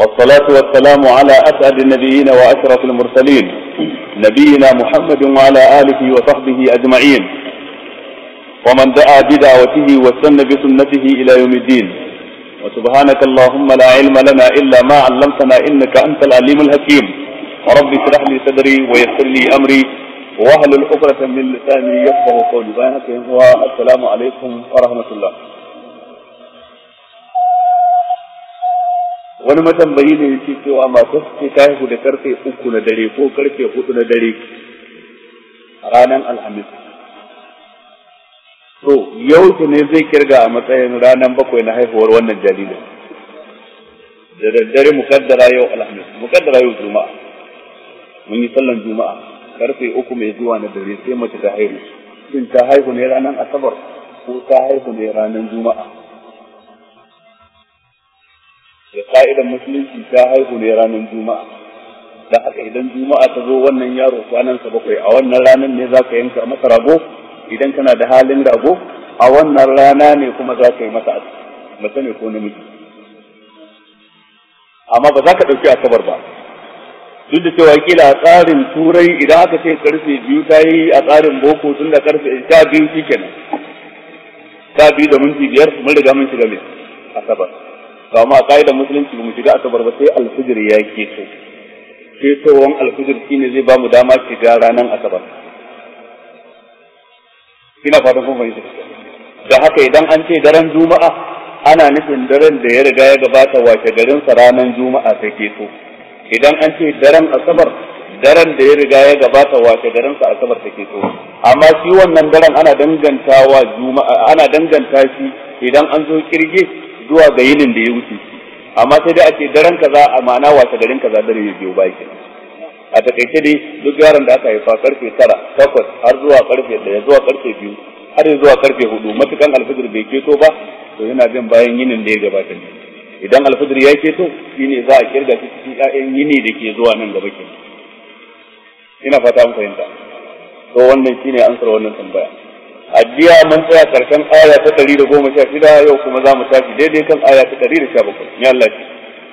والصلاة والسلام على أسعد النبيين وأشرف المرسلين نبينا محمد وعلى آله وصحبه أجمعين ومن دعا بدعوته واستنى بسنته إلى يوم الدين وسبحانك اللهم لا علم لنا إلا ما علمتنا إنك أنت العليم الحكيم رب اشرح لي صدري ويسر لي أمري واهل العقدة من لساني يفقه قولي بينك والسلام عليكم ورحمة الله wani matambayi ne yake cewa masu suke ta haihu da karfe uku na dare ko karfe hudu na dare a ranar alhamis to yau ne zai kirga a matsayin ranar bakwai na haihuwar wannan jaririn da daddare mukaddara yau alhamis mukaddara yau juma'a mun yi sallan juma'a karfe uku mai zuwa na dare sai mace ta haihu shin ta haihu ne ranar asabar ko ta haihu ne ranar juma'a da ka'idan musulunci ta haihu ne ranar juma'a da haka idan juma'a ta zo wannan yaro kwanan sa bakwai a wannan ranar ne za ka yanka masa rago idan kana da halin rago a wannan rana ne kuma za ka yi masa mace ne ko namiji amma ba za ka ɗauki asabar ba duk da cewa kila a tsarin turai idan aka ce karfe biyu ta yi a tsarin boko tun da karfe ta biyu shi kenan ta biyu da minti biyar mun riga mun shiga mai asabar to amma kaidar musulunci mu shiga asabar ba sai alfijir ya ke keto ketowan alfijir shine zai ba mu dama shiga ranar asabar ina fatan kuma yi da haka idan an ce daren juma'a ana nufin daren da ya riga ya gabata wace garin sa ranar juma'a ta to idan an ce daren asabar daren da ya riga ya gabata wace garin sa asabar take so amma shi wannan daren ana dangantawa juma'a ana danganta shi idan an zo kirge zuwa ga yinin da ya wuce amma sai dai ake daren kaza a ma'ana wata garin kaza dare ya biyo baki a takaice dai duk yaron da aka haifa karfe tara takwas har zuwa karfe ɗaya zuwa karfe biyu har zuwa karfe hudu matukan alfajir bai keto ba to yana bin bayan yinin da ya gabata ne idan alfajir ya keto shine za a kirga shi cikin ƴaƴan yini da ke zuwa nan gaba ke ina fata an fahimta to wannan shine ansar wannan tambaya addiya man tsaya karshen aya ta 116 yau kuma za mu tashi daidai kan aya ta 117 ya Allah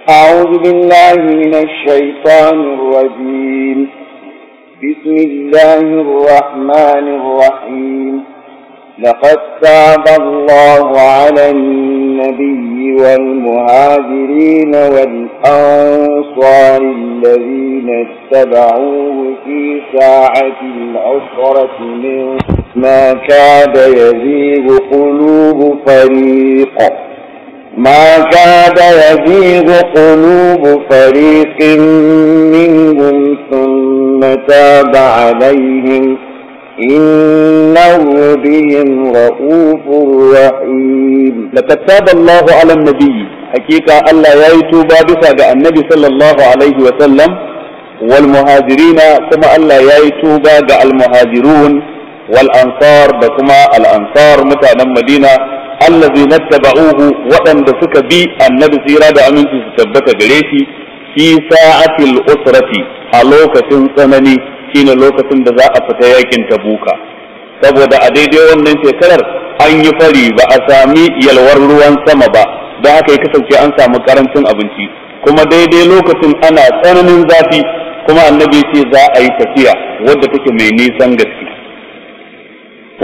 أعوذ بالله من الشيطان الرجيم بسم الله الرحمن الرحيم لقد تاب الله على النبي النبي والمهاجرين والأنصار الذين اتبعوه في ساعة العسرة من ما كاد يزيغ قلوب فريق ما كاد يزيغ قلوب فريق منهم ثم تاب عليهم إنه بهم رؤوف رحيم لقد تاب الله على النبي حقيقة الله يأتوا بابسا النبي صلى الله عليه وسلم والمهاجرين كما الله يأتوا بابا المهاجرون والأنصار بكما الأنصار متى مدينة الذين اتبعوه وأن بسك بي النبي سيرا من تثبت قريتي في ساعة الأسرة حلوكة سنني shine lokacin da za a fita yakin tabuka saboda a daidai wannan shekarar an yi fari ba a sami yalwar ruwan sama ba da haka ya kasance an samu karancin abinci kuma daidai lokacin ana tsananin zafi kuma annabi ce za a yi tafiya wadda take mai nisan gaske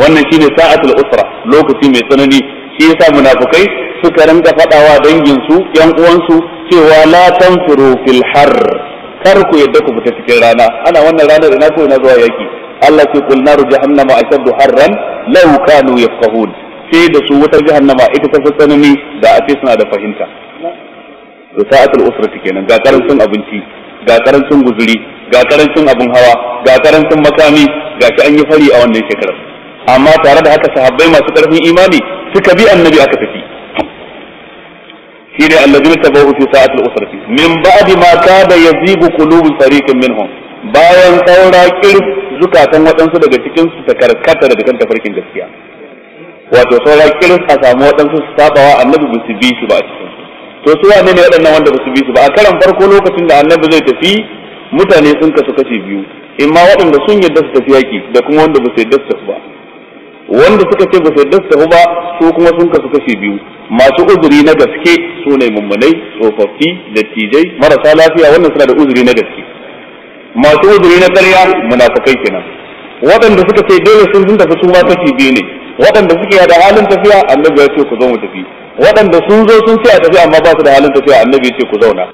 wannan shine sa'atul usra lokaci mai tsanani shi yasa munafukai suka rinka faɗawa danginsu yan uwansu cewa la tanfiru fil har kar ku yadda ku fita cikin rana ana wannan ranar ina ko ina zuwa yaki Allah ce kul naru jahannama ashaddu harran law kanu yafqahun sai da su wutar jahannama ita ta fi tsanani da a ce suna da fahimta to sa'atul usrati kenan ga karancin abinci ga karancin guzuri ga karancin abin hawa ga karancin makami ga shi an yi fari a wannan shekarar amma tare da haka sahabbai masu karfin imani suka bi annabi aka tafi shi ne allazina tabahu fi sa'atul usrati min ba'di ma kada yazibu qulubu fariqin minhum bayan saura kir zukatan waɗansu daga cikin su ta karkata daga kan tafarkin gaskiya wato saura kir a samu waɗansu su sabawa annabi ba su bi su ba a cikin to su wane ne waɗannan wanda ba su bi su ba a karan farko lokacin da annabi zai tafi mutane sun kasu kashi biyu imma waɗanda sun yadda su tafi yaki da kuma wanda ba su yadda su ba wanda suka ce ba su yarda su ba su kuma sun kasu kashi biyu masu uzuri na gaske su ne mummunai tsofaffi dattijai marasa lafiya wannan suna da uzuri na gaske masu uzuri na ƙarya munafukai kenan waɗanda suka ce dole sun sun tafi su ma kashi biyu ne waɗanda suke da halin tafiya annabi ya ce ku zo mu tafi waɗanda sun zo sun ce a tafi amma ba su da halin tafiya annabi ya ce ku zauna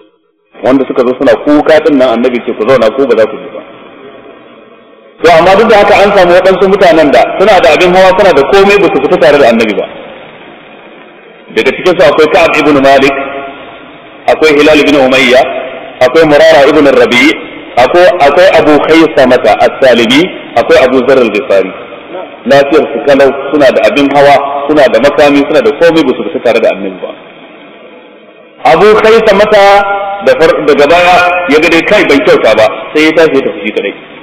wanda suka zo suna kuka din nan annabi ce ku zauna ko ba za ku to amma duk da haka an samu waɗansu mutanen da suna da abin hawa suna da komai ba su fita tare da annabi ba daga cikinsu akwai ka'ab ibn malik akwai hilal ibn umayya akwai murara ibn rabi akwai akwai abu mata as-salibi akwai abu zarr al-ghifari lafiyar su kalau suna da abin hawa suna da makami suna da komai ba su fita tare da annabi ba abu mata da daga baya ya ga dai kai ban kyauta ba sai ya tashi ya tafi kadai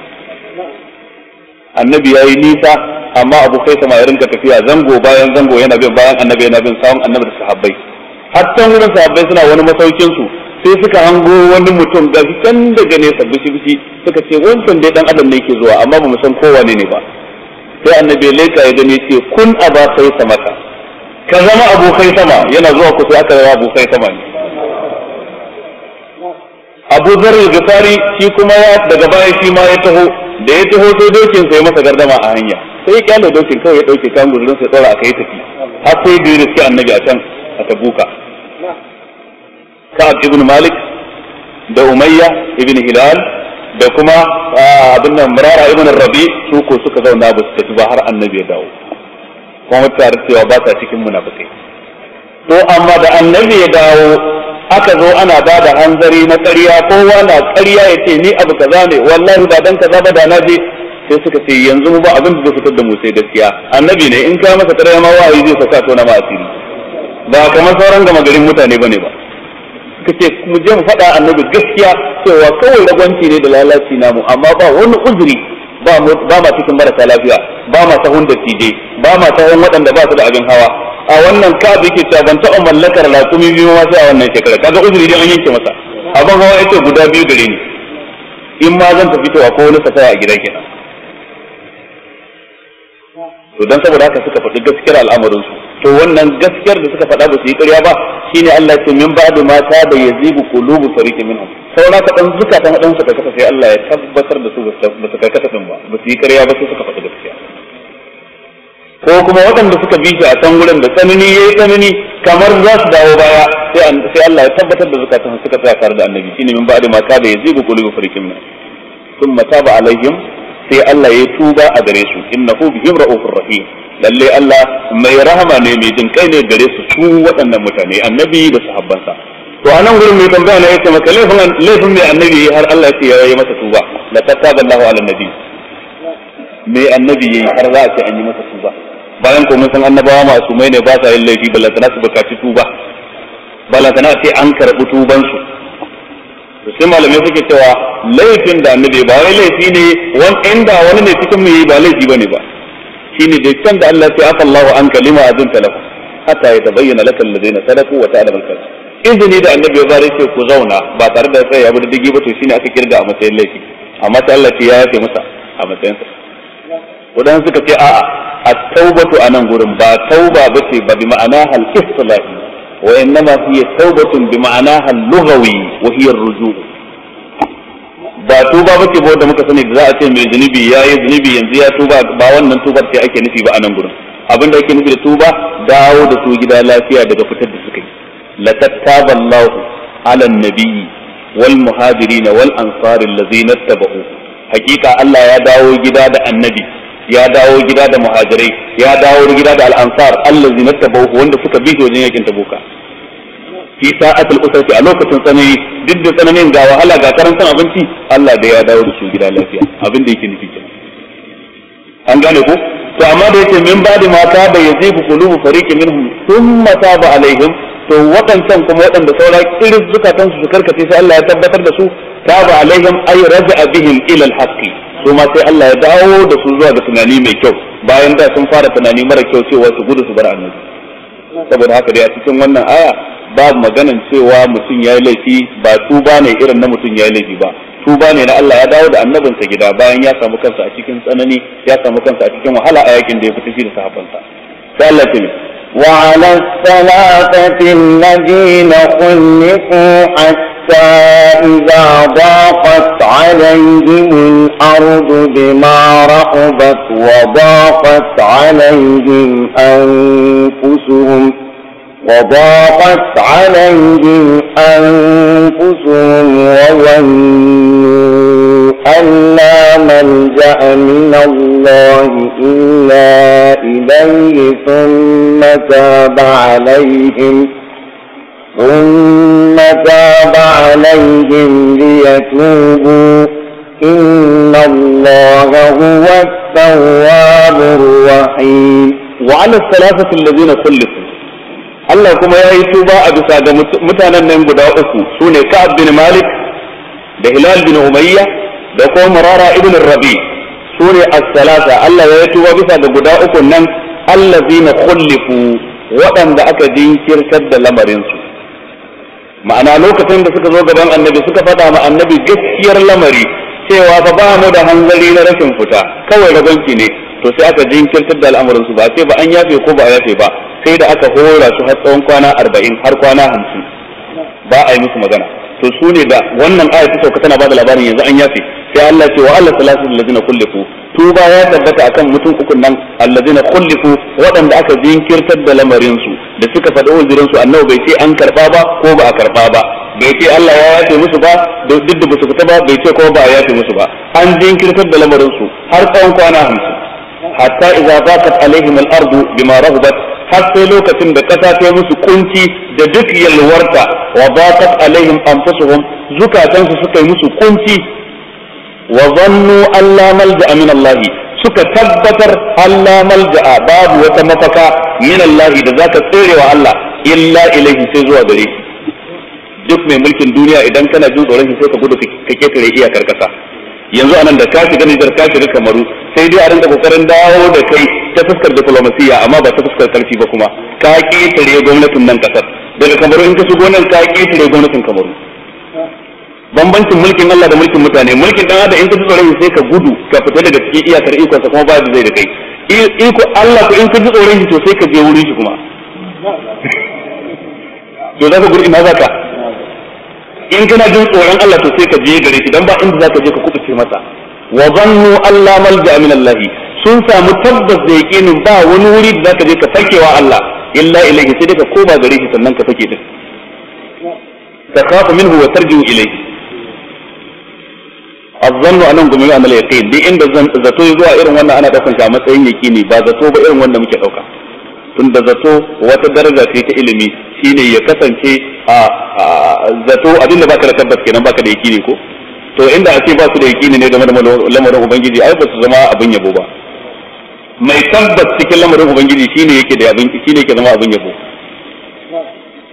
annabi ya yi nisa amma abu kai sama ya rinka tafiya zango bayan zango yana bin bayan annabi yana bin sawun annabi da sahabbai hatta wurin sahabbai suna wani masaukin su sai suka hango wani mutum ga can daga nesa bishi bishi suka ce wancan dai dan adam ne yake zuwa amma ba mu san kowa ne ba sai annabi leka ya gani ce kun aba kai sama ka ka zama abokai sama yana zuwa ku sai aka zama abokai sama ne abu zarar gifari shi kuma daga baya shi ma ya taho da ya taho sai dokin sai masa gardama a hanya sai ya kyale dokin kawai ya dauke kan guzurin sai tsora aka yi tafi har sai da suke annabi a can a tabuka ka'ab ibn malik da umayya ibn hilal da kuma abin nan murara ibn rabi su ko suka zauna ba su tafi ba har annabi ya dawo kuma tare cewa ba sa cikin munafikai to amma da annabi ya dawo aka zo ana ba da hanzari na ƙarya kowa na ƙarya ya ce ni abu kaza ne wallahi ba dan kaza ba da na je sai suka ce yanzu mu ba abin da zai fitar da mu sai gaskiya annabi ne in ka masa ƙarya ma wahayi zai saka to na ma'asiri ba kamar sauran gama garin mutane bane ba suka ce mu je mu faɗa annabi gaskiya cewa kawai ragwanci ne da lalaci namu amma ba wani uzuri ba ma cikin marasa lafiya ba ma sahun da tije ba ma sahun waɗanda ba su da abin hawa a wannan kabi ke cewa ban taɓa mallakar rakumi biyu ma sai a wannan shekara kaga uzuri dai an yanke masa abin hawa ce guda biyu gare ni in ma zan tafi to ko wani safaya a gida kenan to dan saboda haka suka faɗi gaskiyar al'amarin su to wannan gaskiyar da suka faɗa ba su yi ƙarya ba shine Allah ce min ba'du ma ta da yazibu qulubu fariqin minhum saura ka dan zukatan dan suka kafa sai Allah ya tabbatar da su ba su karkata din ba ba su yi ƙarya ba sai suka faɗi ko kuma waɗanda suka bi shi a can gurin da tsanani ya yi tsanani kamar za su dawo baya sai Allah ya tabbatar da zakatun suka tsaya tare da annabi shine min ba'da ma kada yazigu qulubu fariqin min thumma taba alaihim sai Allah ya tuba a gare su innahu bihim ra'ufur rahim lalle Allah mai rahama ne mai jin kai ne gare su su waɗannan mutane annabi da sahabbansa to a nan gurin mai tambaya na yace maka laifin laifin mai annabi har Allah ya ce ya yi masa tuba la tattaba Allahu ala nabi mai annabi yayi har za a ce an yi masa tuba bayan ko mun san annabawa mai ne ba sa yin laifi ballantana su bukaci tuba ballantana sai an karɓi tubansu to sai malamai suke cewa laifin da annabi ba wai laifi ne wani inda wani ne cikin mu yi ba laifi bane ba shine da can da Allah sai aka Allah an kalima ta lahu hatta ya tabayyana lakal ladina sadaku wa bil al izini da annabi ya zare ce ku zauna ba tare da sai ya da digi ba to shine aka kirga a matsayin laifi amma sai Allah ya yafe masa a matsayin sa wadan suka ce a'a at-taubatu anan gurin ba tauba bace ba bi ma'ana hal istilahi wa innama hiya taubatun bi ma'ana hal lughawi wa hiya ar-ruju' ba tuba bace ba da muka sani da za a ce mai zunubi yayi zunubi yanzu ya tuba ba wannan tuba ce ake nufi ba anan gurin abin da ake nufi da tuba dawo da su gida lafiya daga fitar da suka yi laqad taballahu ala an-nabiyyi wal muhajirin wal ansar allazina tabau hakika Allah ya dawo gida da annabi ya dawo gida da muhajirai ya dawo gida da al'ansar allazi na tabahu wanda suka bi shi wajen yakin tabuka fi sa'atul usrati a lokacin tsanani duk da tsananin ga wahala ga karantan abinci Allah da ya dawo da su gida lafiya abin da yake nufi an gane ku? to amma da yake min ba'di mata bai bayyazi ku qulubu fariqin minhum thumma taba alaihim to waɗancan kuma waɗanda saura irin zukatan su karkace sai Allah ya tabbatar da su taba alaihim ay raja'a bihim ila ilal su ma sai Allah ya dawo da su zuwa ga tunani mai kyau bayan da sun fara tunani mara kyau cewa su gudu su bar annabi saboda haka dai a cikin wannan aya babu maganan cewa mutum ya yi laifi ba tuba ne irin na mutum ya yi laifi ba tuba ne na Allah ya dawo da annabinsa gida bayan ya samu kansa a cikin tsanani ya samu kansa a cikin wahala a yakin da ya fita shi da sahabbansa sai Allah ya وعلى الثلاثة الذين خلفوا حتى حتى إذا ضاقت عليهم الأرض بما رحبت وضاقت عليهم أنفسهم وضاقت عليهم أنفسهم وظنوا أن لا ملجأ من الله إلا إليه ثم تاب عليهم ثم تاب عليهم ليتوبوا إن الله هو التواب الرحيم وعلى الثلاثة الذين خلفوا الله كما يأي توبا أبو سادة متانا نمبدا أكو سوني كعب بن مالك بهلال بن أمية بقوم مرارا ابن الربيع سوني الثلاثة الله يأي توبا أبو سادة بدا أكو الذين خلفوا وأن ذاك دين شركة لمرنسو ma'ana lokacin da suka zo gaban annabi suka faɗa ma annabi gaskiyar lamari cewa fa ba mu da hanzari na rashin fita kawai rabanki ne to sai aka jinkirtar da al'amarin su ba sai ba an yafe ko ba a yafe ba sai da aka hora su har tsawon kwana 40 har kwana 50 ba a yi musu magana to su ne da wannan aya ta sauka tana ba da labarin yanzu an yafe sai Allah ce wa Allah salatu lillazina kullifu tuba ya tabbata akan mutum uku nan allazina khulifu waɗanda aka jinkirtar da lamarin su da suka faɗi uzurin su annabi bai ce an karba ba ko ba a karba ba bai ce Allah ya yafe musu ba da duk da basu fita ba bai ce ko ba a yafe musu ba an jinkirtar da lamarin su har tsawon kwana hamsin hatta idza zaqat alaihim al-ardu bima rahabat har sai lokacin da kasa ta musu kunci da duk yalwarta wa zaqat alaihim anfusuhum zukatansu suka yi musu kunci wa zannu alla malja'a min Allah suka tabbatar Allah malja'a babu wata mafaka min Allah da zaka tserewa Allah illa ilaihi sai zuwa gare shi duk mai mulkin duniya idan kana jin tsoron shi sai ka gudu ka ketare iyakar karkasa yanzu anan da kashi shiga Nijar ka shiga Kamaru sai dai a rinka kokarin dawo da kai ta fuskar diplomasiya amma ba ta fuskar karfi ba kuma ka ketare gwamnatin nan kasar daga Kamaru in ka shigo nan ka ketare gwamnatin Kamaru bambancin mulkin Allah da mulkin mutane mulkin dan adam in ka shi sai ka gudu ka fita daga cikin iyakar iko sa kuma ba da zai da kai iko Allah ko in ka tsore shi to sai ka je wurin shi kuma to za ka gudu ina zaka in kana jin tsoron Allah to sai ka je gare shi dan ba inda zaka je ka kubuce masa wa zannu Allah malja min Allah sun samu tabbas da yakinin ba wani wuri da zaka je ka sakewa Allah illa ilayhi sai dai ka koma gare shi sannan ka sake din kafa minhu wa tarji'u ilayhi azzannu anan gumi an al-yaqin duk inda zato zuwa irin wannan ana daukan ta matsayin yaqini ba zato ba irin wanda muke dauka tunda zato wata daraja ce ta ilimi shine ya kasance a zato abinda baka da tabbas kenan baka da yaqini ko to inda a ce ba su da yaqini ne game da lamarin ubangiji ai ba su zama abin yabo ba mai tabbas cikin lamarin ubangiji shine yake da abin shine yake zama abin yabo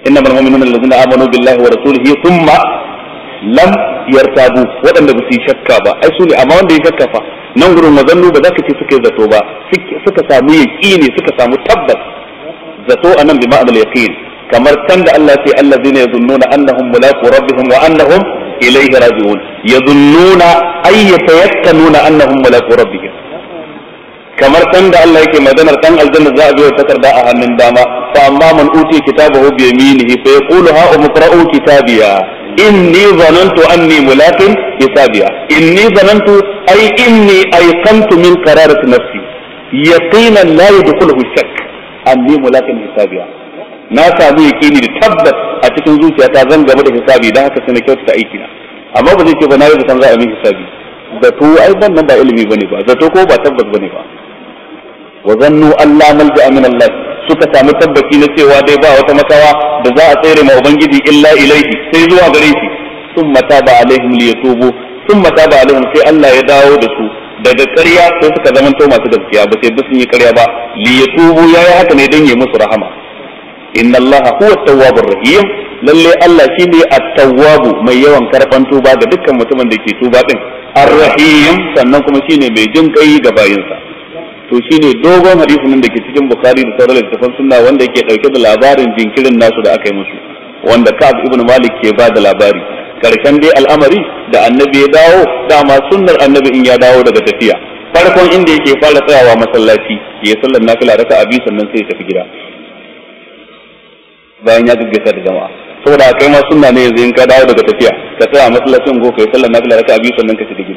innamal mu'minuna allazina amanu billahi wa rasulihi thumma lam yartabu waɗanda ba su yi shakka ba ai su ne amma wanda ya shakka fa nan gurin mazannu ba za ka ce suka yi zato ba suka samu yaqini suka samu tabbas zato anan bi ma'anar yaqin kamar can da Allah ce allazina yazunnuna annahum mulaqu rabbihim wa annahum ilayhi raji'un yazunnuna ay yatayakkanuna annahum mulaqu rabbihim kamar san da Allah yake maganar dan aljanna za a biyo takarda a hannun dama fa amma man uti kitabahu bi yaminihi fa yaqulu ha umqra'u kitabiya inni zanantu anni mulaqin hisabiya inni zanantu ay inni ayqantu min qararati nafsi yaqinan la yadkhuluhu shakk anni mulaqin hisabiya na samu yaqini da tabbas a cikin zuciyata zan gaba da hisabi dan haka sai na kyautata aikina amma ba zai ce ba na yi da zaton za a min hisabi zato ai ban nan ba ilimi bane ba zato ko ba tabbas bane ba wa zannu Allah malja min Allah suka samu tabbaci na cewa dai ba wata makawa da za a tsere ma ubangiji illa ilaihi sai zuwa gare shi summa taba alaihim liyatubu summa taba alaihim sai Allah ya dawo da su daga ƙarya sai suka zamanto masu gaskiya ba sai sun yi ƙarya ba liyatubu yayi haka ne dan yi musu rahama inna Allah huwa tawwabur rahim lalle Allah shine at-tawwabu mai yawan karban tuba ga dukkan mutumin da ke tuba din ar-rahim sannan kuma shine mai jin ga bayinsa to shine dogon hadisin nan da ke cikin bukhari da sauran littafan sunna wanda yake dauke da labarin jinkirin nasu da aka yi musu wanda ka'ab ibn malik ke ba da labari karshen dai al'amari da annabi ya dawo dama sunnar annabi in ya dawo daga tafiya farkon inda yake fara tsayawa masallaci ya sallar nafila raka abi sannan sai ya tafi gida bayan ya gaggasa da jama'a saboda kai ma sunna ne yanzu in ka dawo daga tafiya ka tsaya masallacin go kai sallar nafila raka abi sannan ka tafi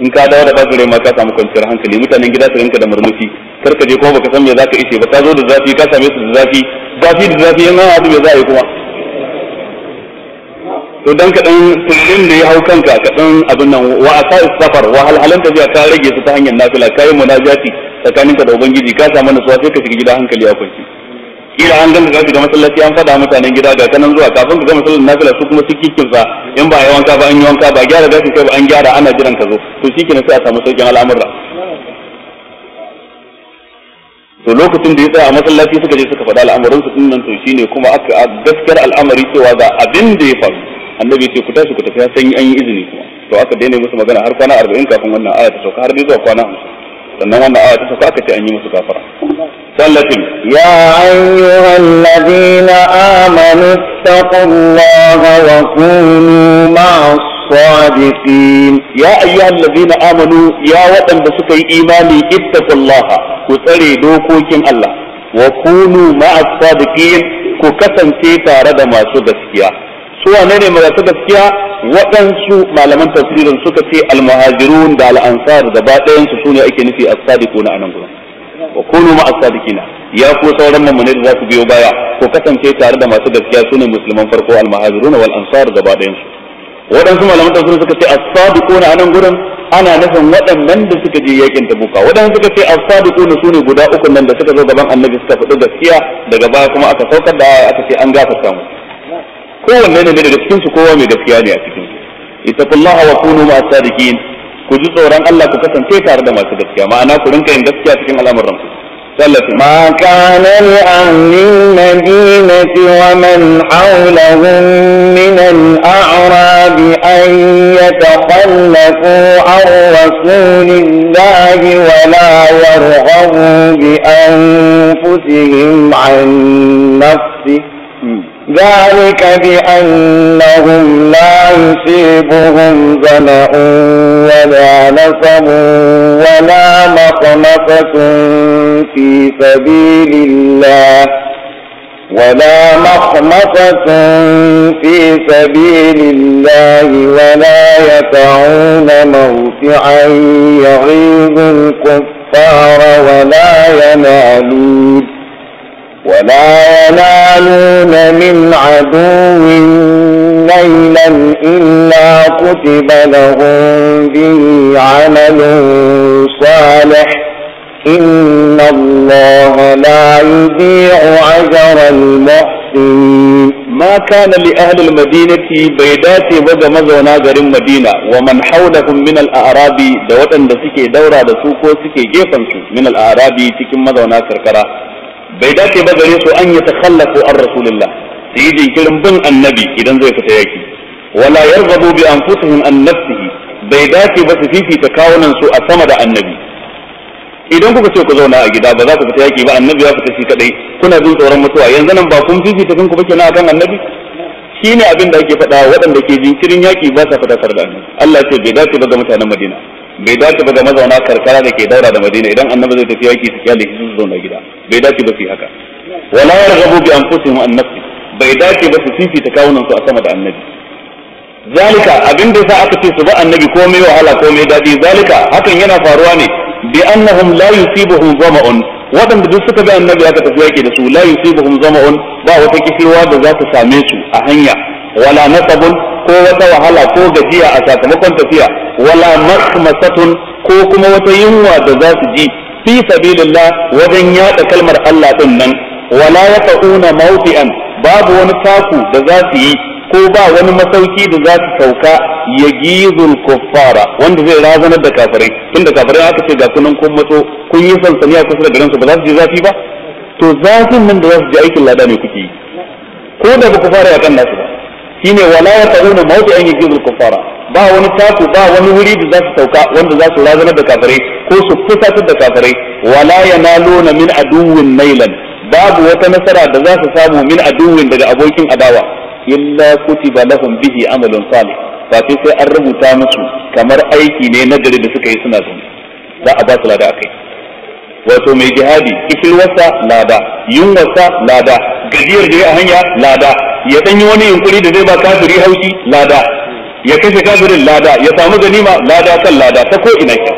in ka dawo da bazure ma ka samu kwanciyar hankali mutanen gida su rinka da murmushi kar ka je kuma baka san me ka ishe ba ka zo da zafi ka same su da zafi zafi da zafi yana hadu me za a yi kuma to dan kadan kullun da ya hau kanka kadan abin nan wa asa safar wa halhalan tafiya ka rage su ta hanyar nafila kai munajati tsakaninka da ubangiji ka samu nasuwa sai ka shiga gida hankali a kwanci kila an ganka ka da masallaci an fada mutanen gida ga kanan zuwa kafin ka ga masallacin nafila su kuma su sa in ba a yi wanka ba an yi wanka ba gyara gashin kai ba an gyara ana jiran ka zo to shikenan sai a samu sauƙin al'amura to lokacin da ya tsaya a masallaci suka je suka faɗa al'amuran su din nan to shine kuma aka gaskiyar al'amari cewa ga abin da ya faru annabi ce ku tashi ku tafi san an yi izini kuma to aka daina musu magana har kwana 40 kafin wannan aya ta sauka har dai zuwa kwana 50 sannan wannan aya ta sauka aka ce an yi musu kafara يا أيها الذين آمنوا اتقوا الله وكونوا مع الصادقين يا أيها الذين آمنوا يا وطن بسكي إيماني اتقوا الله وصري دوكوكين الله وكونوا مع الصادقين كوكتن تيتا رد ما سدسكيا سوى نيني ما سدسكيا waɗansu malaman tafsirin suka ce almuhajirun da al'ansar da ba ɗayansu su ne ake nufi as anan gurin wa kunu ma'as sadiqina ya ku sauran mamune da za biyo baya ko kasance tare da masu gaskiya sunan musulman farko al-muhajiruna wal ansar gaba ɗayan su waɗansu malaman tafsir suka ce as-sadiquna anan gurin ana nufin waɗannan da suka je yakin tabuka waɗansu suka ce as-sadiquna sune guda uku nan da suka zo gaban annabi suka faɗi gaskiya daga baya kuma aka saukar da aka ce an gafarta mu kowanne ne daga cikin su kowa mai gaskiya ne a cikin su ittaqullaha wa kunu ma'as sadiqin ku ji tsoron Allah ku kasance tare da masu gaskiya ma'ana ku rinka yin gaskiya cikin al'amuran ku sallatu ma kana li ahli madinati wa man hawlahum min al-a'rab an yatakhallafu ar rasulillahi wa la yarghabu bi anfusihim an nafsihim ذلك بأنهم لا يصيبهم زمأ ولا نصب ولا مخمصة في سبيل الله ولا مخمصة في سبيل الله ولا يتعون موسعا يغيظ الكفار ولا ينالون ولا ينالون من عدو ليلا إلا كتب لهم به عمل صالح إن الله لا يضيع أجر المحسنين ما كان لأهل المدينة بيدات بدا مزونا غرم مدينة ومن حولهم من الأعراب دوتن دسكي دورا دسوكو سكي جيفن من الأعراب تكي مزونا كركرا bai dace ba gare su an yatakhallafu an rasulullah su yi jinkirin bin annabi idan zai fita yaki wala yarghabu bi anfusihim an nafsihi bai dace ba su fifita kawunan su a sama da annabi idan kuka ce ku zauna a gida ba za ku fita yaki ba annabi ya fita shi kadai kuna jin tsoron mutuwa yanzu nan ba kun fifita kanku ba kenan akan annabi shine abin da ake faɗa waɗanda ke jinkirin yaki ba sa fadatar da annabi Allah ya ce bai dace ba ga mutanen Madina bai dace ba ga mazauna karkara da ke daura da madina idan annabi zai tafi yaki su kyale shi su zauna gida bai dace ba su haka wala yarghabu bi anfusihim an nafsi bai dace ba su fifita kawunan su a sama da annabi zalika abin da yasa aka ce su ba annabi komai wahala komai dadi zalika hakan yana faruwa ne bi annahum la yusibuhum zama'un waɗanda duk suka bi annabi aka tafi yaki da su la yusibuhum zama'un ba wata kishirwa da za ta same su a hanya wala nasabun ko wata wahala ko gajiya a sakamakon tafiya wala masmasatun ko kuma wata yunwa da za su ji fi sabilillah wajen yada kalmar Allah din nan wala yaquna mawti'an babu wani taku da za su yi ko ba wani masauki da za su sauka ya gizul kuffara wanda zai razanar da kafirai tunda kafirai aka ce ga kunan kun kun yi sansani a kusa da garinsu ba za su ji zafi ba to zafin nan da za su ji aikin lada ne kuke yi ko da ba ku fara kan nasu ba shine wala yaquna mawti'an ya gizul kuffara ba wani taku ba wani wuri da za su sauka wanda za su razanar da kafirai ko su fusatar da kafirai wala yanaluna min aduwwin mailan babu wata nasara da za su samu min aduwwin daga abokin adawa illa kutiba lahum bihi amalun salih ba sai sai an rubuta musu kamar aiki ne na gari da suka yi suna zama za a ba su lada akai wato mai jihadi wasa lada yunwasa lada gajiyar da ya hanya lada ya danyi wani yunkuri da zai ba kafiri haushi lada ya kashe kafirin lada ya samu ganima lada kan lada ta ko ina ke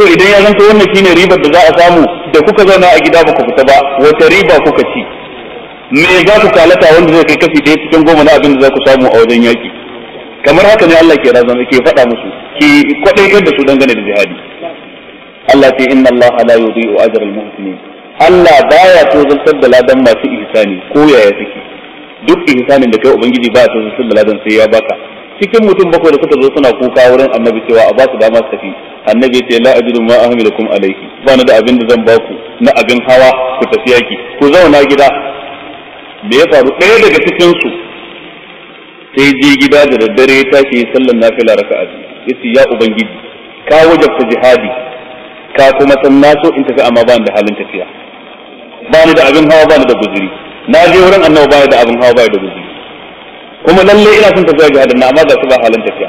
to idan ya zanto wannan shine ribar da za a samu da kuka zauna a gida ba ku fita ba wata riba kuka ci me za ku kalata wanda zai kai kashi ɗaya cikin goma na abin da za ku samu a wajen yaƙi kamar haka ne Allah ke razan ke faɗa musu ke kwaɗaitar da su dangane da jihadi Allah ce inna Allah la yudhi'u ajra al-muhsinin Allah baya tozaltar da ladan masu ihsani ko yaya take duk ihsanin da kai ubangiji ba ta sun da ladan sai ya baka cikin mutum bakwai da suka zo suna kuka wurin annabi cewa a ba su dama su tafi annabi ya ce la ajidu ma ahmilukum alayhi ba na da abin da zan baku na abin hawa ku tafi yaki ku zauna gida da ya faru ɗaya daga cikin su sai je gida da daddare ya tashi sallan nafila raka'a yace ya ubangiji ka wajabta jihadi ka kuma san na so in tafi amma ba ni da halin tafiya ba ni da abin hawa ba ni da guzuri na je wurin annabi baya da abin hawa baya da gudu kuma lalle ina son tafiya jihar na amma ga su ba halin tafiya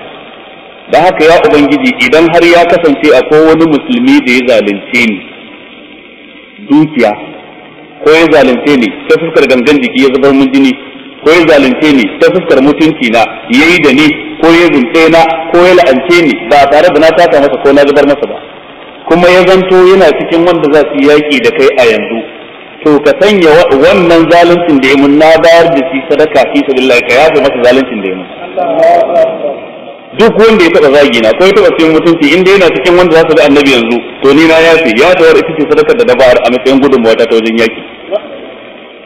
da haka ya ubangiji idan har ya kasance akwai wani musulmi da ya zalunce ni dukiya ko ya zalunce ni ta fuskar gangan jiki ya zubar mun jini ko ya zalunce ni ta fuskar mutunci na yayi da ni ko ya zunce na ko ya la'ance ni ba tare da na taka masa ko na zubar masa ba kuma ya zanto yana cikin wanda za su yaki da kai a yanzu to ka sanya wannan zaluncin da mun na bayar da shi sadaka fi sabilillah ka yafe masa zaluncin da mun duk wanda ya taba zagi na ko ya taba cin mutunci inda yana cikin wanda za su bi annabi yanzu to ni na yafe ya tawar ita ce sadakar da na bayar a matsayin gudunmawa ta wajen yaki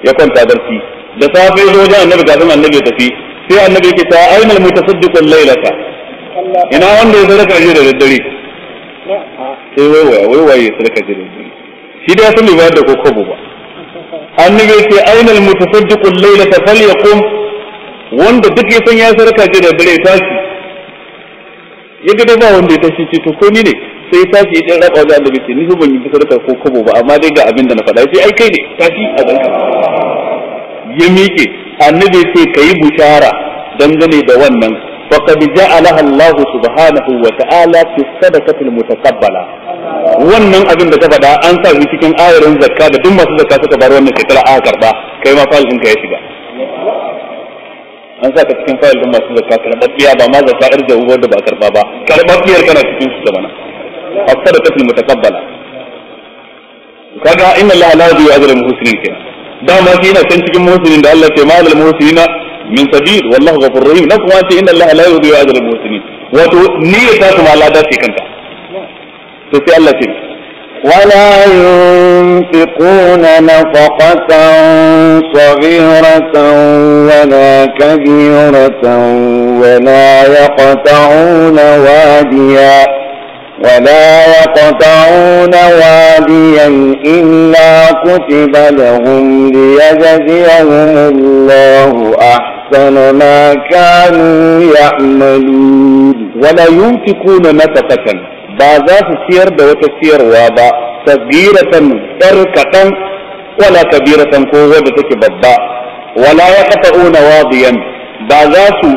ya kwanta barci da safe ya zo wajen annabi zan annabi ya tafi sai annabi yake ta aina kun lailaka ina wanda ya sadaka ji da daddare sai waiwaya waiwaye sadaka ji da daddare shi da ya san bai bayar da ko kobo ba annabi yace aina almutasaddiqu al-laylata falyaqum wanda duk ya san ya sarka ji da dare ya tashi ya ga ba wanda ya tashi ce to ko ni ne sai ya tashi idan raba wajen annabi ce ni ban yi sadaka ko kobo ba amma dai ga abin da na faɗa sai ai kai ne tashi a ganka ya miƙe annabi ce kai bushara dangane da wannan faqad ja'alaha Allahu subhanahu wa ta'ala fi sadaqatil mutaqabbala wannan abin da ta faɗa an sa shi cikin ayarin zakka da duk masu zakka suka bar wannan shekara aka karba kai ma fa'il ɗinka ya shiga an sa ka cikin fa'il ɗin masu zakka biya ba ma zakka irin da da ba karɓa ba biyar kana cikin su zamana da kafin mutakabbala kaga inna allaha la yudhi'u ajra al-muhsinin da ma shi yana can cikin muhsinin da Allah ke ma al-muhsinina min sabil wallahu ghafurur rahim na kuma inna allaha la yudhi'u ajra al-muhsinin wato niyyar ta kuma Allah da ce kanta to sai Allah ولا ينفقون نفقة صغيرة ولا كبيرة ولا يقطعون واديا ولا يقطعون واديا إلا كتب لهم ليجزيهم الله أحسن ما كانوا يعملون ولا ينفقون نفقة ba za su siyar da wata siyarwa ba sabiratan yar kaɗan wala kabiratan ko wadda take babba wala ya una wadiyan ba za su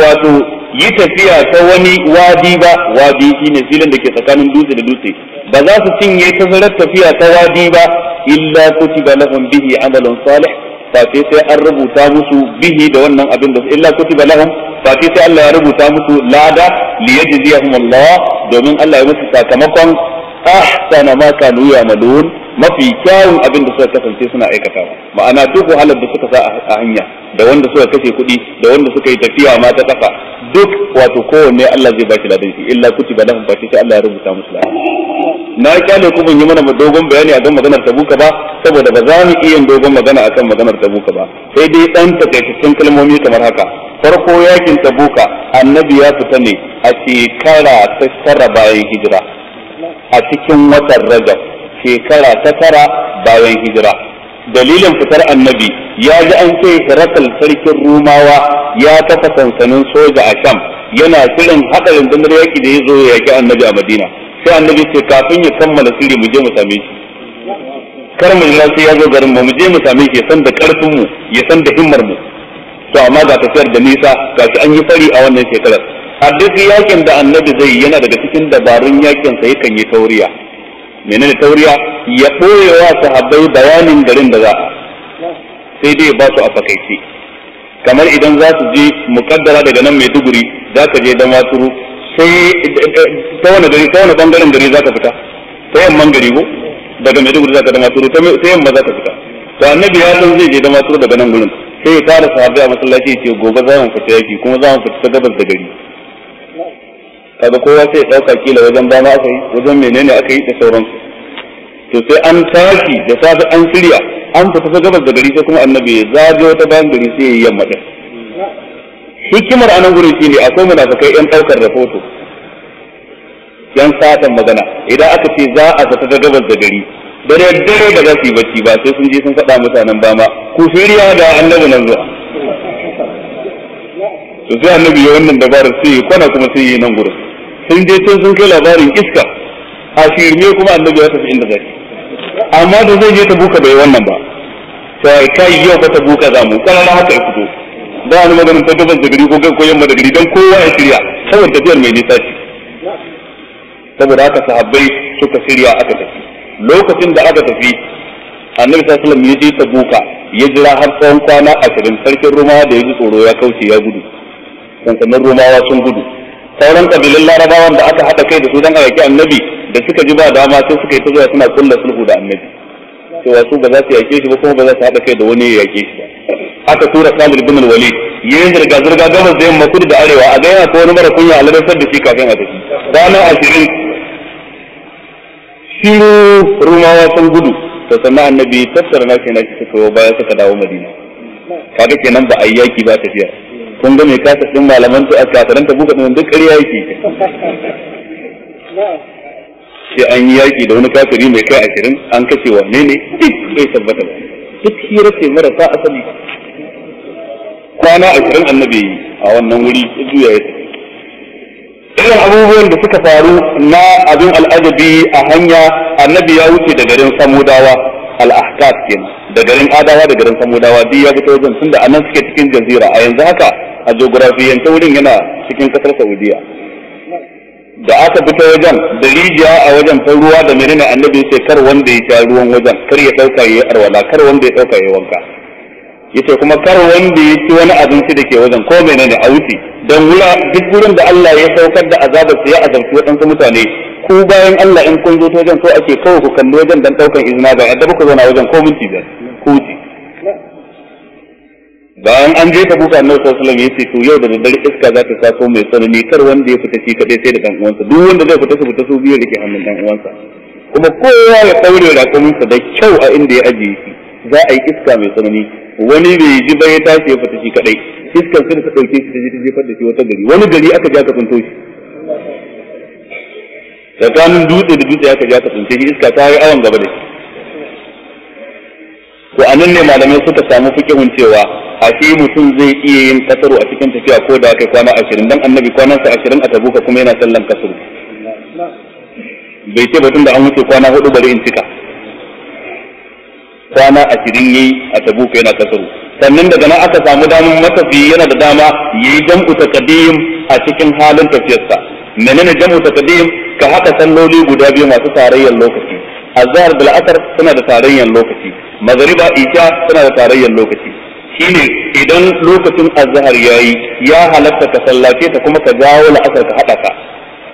wato yi tafiya ta wani wadi ba wadi shine filin da ke tsakanin dutse da dutse ba za su cinye tazarar tafiya ta wadi ba illa kutiba lahum bihi amalun salih fa sai an rubuta musu bihi da wannan abin da illa kutiba lahum fati sai Allah ya rubuta musu lada liyajziyahum Allah domin Allah ya musu sakamakon ahsana ma kanu ya'malun mafi kyawun abin da suka kasance suna aikata ma'ana duk wahalar da suka sa a hanya da wanda suka kashe kuɗi da wanda suka yi tafiya ma ta kafa duk wato kowanne Allah zai ba shi ladan shi illa kutiba lahum fati sai Allah ya rubuta musu ladan na kyale ku ban yi mana dogon bayani a kan maganar tabuka ba saboda ba za mu iya dogon magana akan maganar tabuka ba sai dai dan takaitaccen kalmomi kamar haka farko yakin tabuka annabi ya fita ne a shekara ta tara bayan hijira a cikin watan rajab shekara ta tara bayan hijira dalilin fitar annabi ya ji an ce hirakal sarkin rumawa ya kafa sansanin soja a sham yana shirin hadarin rundunar yaki da ya zo ya yaƙi annabi a madina sai annabi ce kafin ya kammala sirri mu je mu same shi kar mu ji sai ya zo garin mu mu je mu same shi ya san da karfin mu ya san da himmar mu to amma ga tafiyar da nisa ga shi an yi fari a wannan shekarar a duk yakin da annabi zai yi yana daga cikin dabarun yakin sa yakan yi tauriya menene tauriya ya ɓoye wa sahabbai bayanin garin da za sai dai ba su a kamar idan za su je mukaddara daga nan maiduguri za ka je da maturu sai ta wani gari ta wani bangaren gari za ka fita ta yamman gari ko daga maiduguri za ka da maturu ta yamma za ka fita to annabi ya san zai je da maturu daga nan gurin sai ya kara sahabbai a masallaci ya ce gobe za mu fita yaki kuma za mu fita ta gabas da gari kaga kowa sai ya dauka kila wajen dama aka yi wajen menene aka yi da sauransu to sai an tashi da safe an shirya an fita ta gabas da gari sai kuma annabi ya zaje wata bayan gari sai ya yi yamma din hikimar anan gurin shine akwai munafikai yan daukar rahoto yan satan magana idan aka ce za a fita ta gabas da gari dare dare da za su yi bacci ba sai sun je sun faɗa mutanen ba ma. ku firiya da annabi nan zuwa to sai annabi ya wannan dabara sai kwana kuma sai yi nan gurin sun je can sun kai labarin iska a shirme kuma annabi ya tafi inda zai amma da zai je ta buka bai wannan ba sai kai yau ka ta buka za mu na haka ya fito ba wani maganin ta gaban da gari ko ko yamma da gari dan kowa ya shirya saboda tafiyar mai nisa ce saboda haka sahabbai suka shirya aka tafi lokacin da aka tafi annabi sallallahu alaihi wasallam ya je tabuka ya jira har tsawon kwana ashirin sarkin roma da ya ji tsoro ya kauce ya gudu sansanin romawa sun gudu sauran kabilan larabawan da aka haɗa kai da su don a yaki annabi da suka ji ba dama sai suka yi ta zuwa suna kulla sulhu da annabi cewa su ba za su yake shi ba kuma ba za su haɗa kai da wani ya yake shi ba aka tura Khalid bin Walid yayin zirga zirga gabas da yamma kudu da arewa a gaya ko wani mara kunya a ladar da shi kafin a tafi ranar ashirin shiru rumawa sun gudu to sannan annabi tattara na kenan shi suka baya suka dawo madina kaga kenan ba a yaki ba tafiya kun ga mai kasa din malaman su a kasaran ta buka din duk ƙarya yake sai an yi yaki da wani kafiri mai kai ashirin an kace wa ne ne bai tabbata ba duk hira ce marasa asali kwana ashirin annabi a wannan wuri zuwa ya tafi irin abubuwan da suka faru na abin al'ajabi a hanya annabi ya wuce da garin samudawa al'ahkaf ke da garin adawa da garin samudawa duk ya fito wajen tunda nan suke cikin jazira a yanzu haka a jogurafiyan ta wurin yana cikin kasar saudiya da aka fita wajen da rijiya a wajen ta ruwa da mirina annabi sai kar wanda ya sha ruwan wajen kar ya ɗauka ya yi arwala kar wanda ya ɗauka ya wanka yace kuma kar wanda ya ci wani abinci da ke wajen ko menene a wuce dan wura duk gurin da Allah ya saukar da azabar ya azabci waɗansu mutane ku bayan Allah in kun zo ta wajen ko ake kawai ku kalli wajen dan daukan izina ba yadda ku zauna wajen ko minti biyar ku wuce bayan an je ta buka annabi sallallahu alaihi wasallam yace to yau da daddare iska za ta taso mai tsanani kar wanda ya fita shi kadai sai da dan uwansa duk wanda zai fita su fita su biyu da ke hannun dan uwansa kuma kowa ya kaure da sa da kyau a inda ya ajiye shi za a yi iska mai tsanani wani bai ji ba tashi ya fata shi kadai iskar sai ta dauke shi ta je ta jefar da shi wata gari wani gari aka ja ka tsunto shi tsakanin dutse da dutse aka ja ka tsunto shi iska ta yi awon gaba da shi Ko anan ne malamai suka samu fikihun cewa shi mutum zai iya yin kasaro a cikin tafiya ko da kai kwana ashirin dan annabi kwanan sa ashirin a tabuka kuma yana sallan kasaro bai ce batun da an wuce kwana hudu bari in cika kwana ashirin yayi a tabuka yana kasaru sannan daga nan aka samu damar matafi yana da dama yayi jam'u taqdim a cikin halin tafiyarsa menene jam'u taqdim ka haka salloli guda biyu masu tarayyar lokaci azhar da la'asar suna da tarayyar lokaci magriba isha suna da tarayyar lokaci shine idan lokacin azhar yayi ya halatta ka sallace ta kuma ka jawo la'asar ka hada ka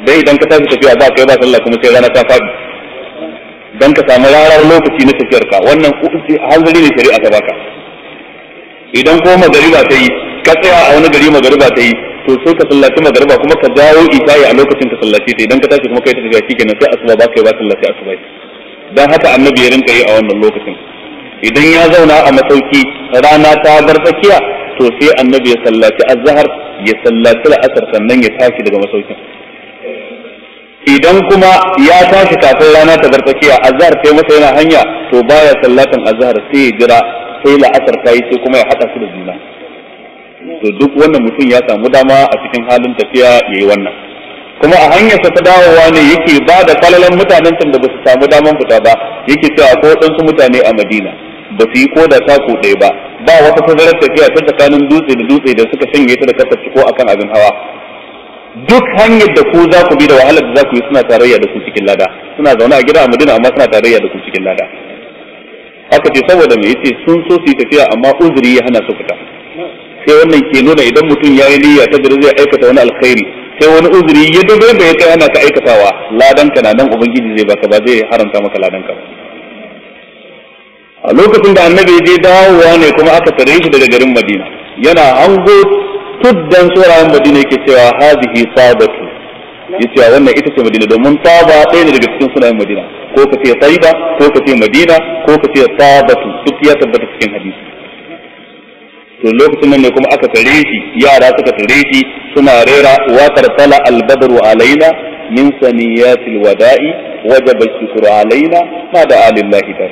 dai idan ka tafi tafiya ba kai ba sallah kuma sai rana ta fadi don ka samu rarar lokaci na tafiyar ka wannan hanzari ne shari'a ta baka idan ko magariba ta yi ka tsaya a wani gari magariba ta yi to sai ka sallaci magariba kuma ka dawo isha'i a lokacin ka sallaci ta idan ka tashi kuma kai ta tafiya shikenan sai asuba ba kai ba sallaci asuba dan haka annabi ya rinka yi a wannan lokacin idan ya zauna a masauki rana ta bar tsakiya to sai annabi ya sallaci azhar ya sallaci al'asar sannan ya tashi daga masaukin idan kuma ya tashi kafin rana ta garfakiya azhar sai masa yana hanya to baya sallatan azhar sai ya jira sai la'asar ta yi sai kuma ya haɗa su da juna to duk wannan mutum ya samu dama a cikin halin tafiya ya yi wannan kuma a hanyarsa ta dawowa ne yake ba da falalan mutanen can da ba su samu daman fita ba yake cewa ko waɗansu mutane a madina ba su yi ko da taku ɗaya ba ba wata tazarar tafiya ta tsakanin dutse da dutse da suka shanye ta da kasar ko akan abin hawa duk hanyar da ku za ku bi da wahalar da za ku yi suna tarayya da ku cikin lada suna zaune a gida a madina amma suna tarayya da ku cikin lada aka ce saboda me yace sun so su yi tafiya amma uzuri ya hana su fita sai wannan ke nuna idan mutum ya yi niyya ta gari zai aikata wani alkhairi sai wani uzuri ya dube da ya kai ana ka aikatawa ladanka ka na nan ubangiji zai baka ba zai haramta maka ladan ka a lokacin da annabi ya je dawowa ne kuma aka tare shi daga garin madina yana hango tuddan tsoron madina yake cewa hadhihi sabatu yace wannan ita ce madina domin saba ɗaya ne daga cikin sunayen madina ko ka ce taiba ko ka ce madina ko ka ce sabatu duk ya tabbata cikin hadisi to lokacin nan ne kuma aka tare shi yara suka tare shi suna rera waƙar tala albadru alaina min saniyatil wada'i wajaba shukru alaina ma da alillahi ta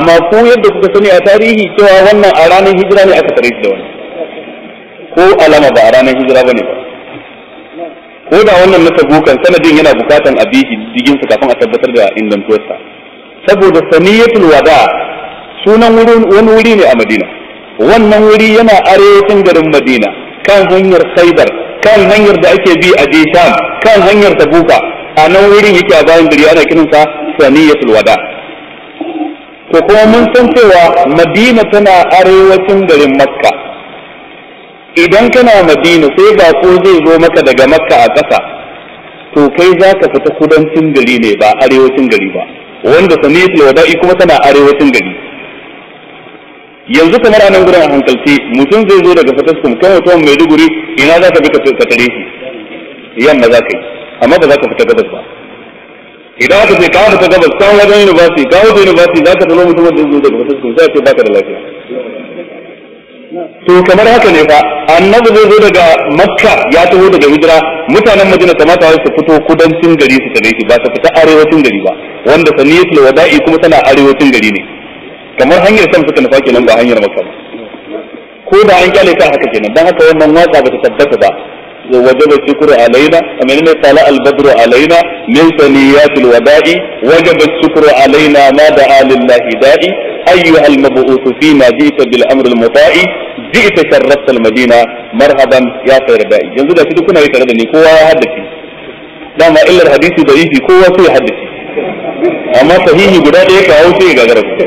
amma ko yadda kuka sani a tarihi cewa wannan a ranar hijira ne aka tare shi da wannan ko alama ba a ranar hijira ba ne ba ko da wannan na tabukan sanadin yana bukatan a bihi digin su kafin a tabbatar da indantuwarsa saboda saniyatul wada sunan wurin wani wuri ne a Madina wannan wuri yana arewacin garin Madina kan hanyar Saidar kan hanyar da ake bi a Jisham kan hanyar Tabuka a nan wurin yake a bayan gari ana kiransa saniyatul wada to kuma mun san cewa Madina tana arewacin garin Makka idan kana madina sai ba ko zai zo maka daga makka a ƙasa to kai za ka fita kudancin gari ne ba arewacin gari ba wanda wa da'i kuma tana arewacin gari yanzu kamar anan gudan a hankalce mutum zai zo daga fataskum kai mai maiduguri ina za ka bi ka tare shi yamma za ka yi amma ba za ka fita gabas ba idan aka ce ka fita gabas kawo wajen university kawo wajen university za ka tano mutum zai zo daga fataskum sai ce baka da lafiya to kamar haka ne fa annabi zai zo daga makka ya taho daga hijira mutanen madina kamata su fito kudancin gari su tare shi ba su fita arewacin gari ba wanda saniyatul wada'i kuma tana arewacin gari ne kamar hanyar san suka nufa kenan ba hanyar makka ba ko da an kyale ka haka kenan dan haka wannan waka ba ta tabbata ba وجب الشكر علينا من طلع البدر علينا من ثنيات الوداء وجب الشكر علينا ما da alillahi da'i أيها المبعوث فينا جئت بالأمر المطاع جئت شرفت المدينة مرحبا يا خير داعي ينزل da كنا duk كوا حدثي دام da الحديث ضعيف كوا haddace حدثي illar صحيح da yifi kowa sai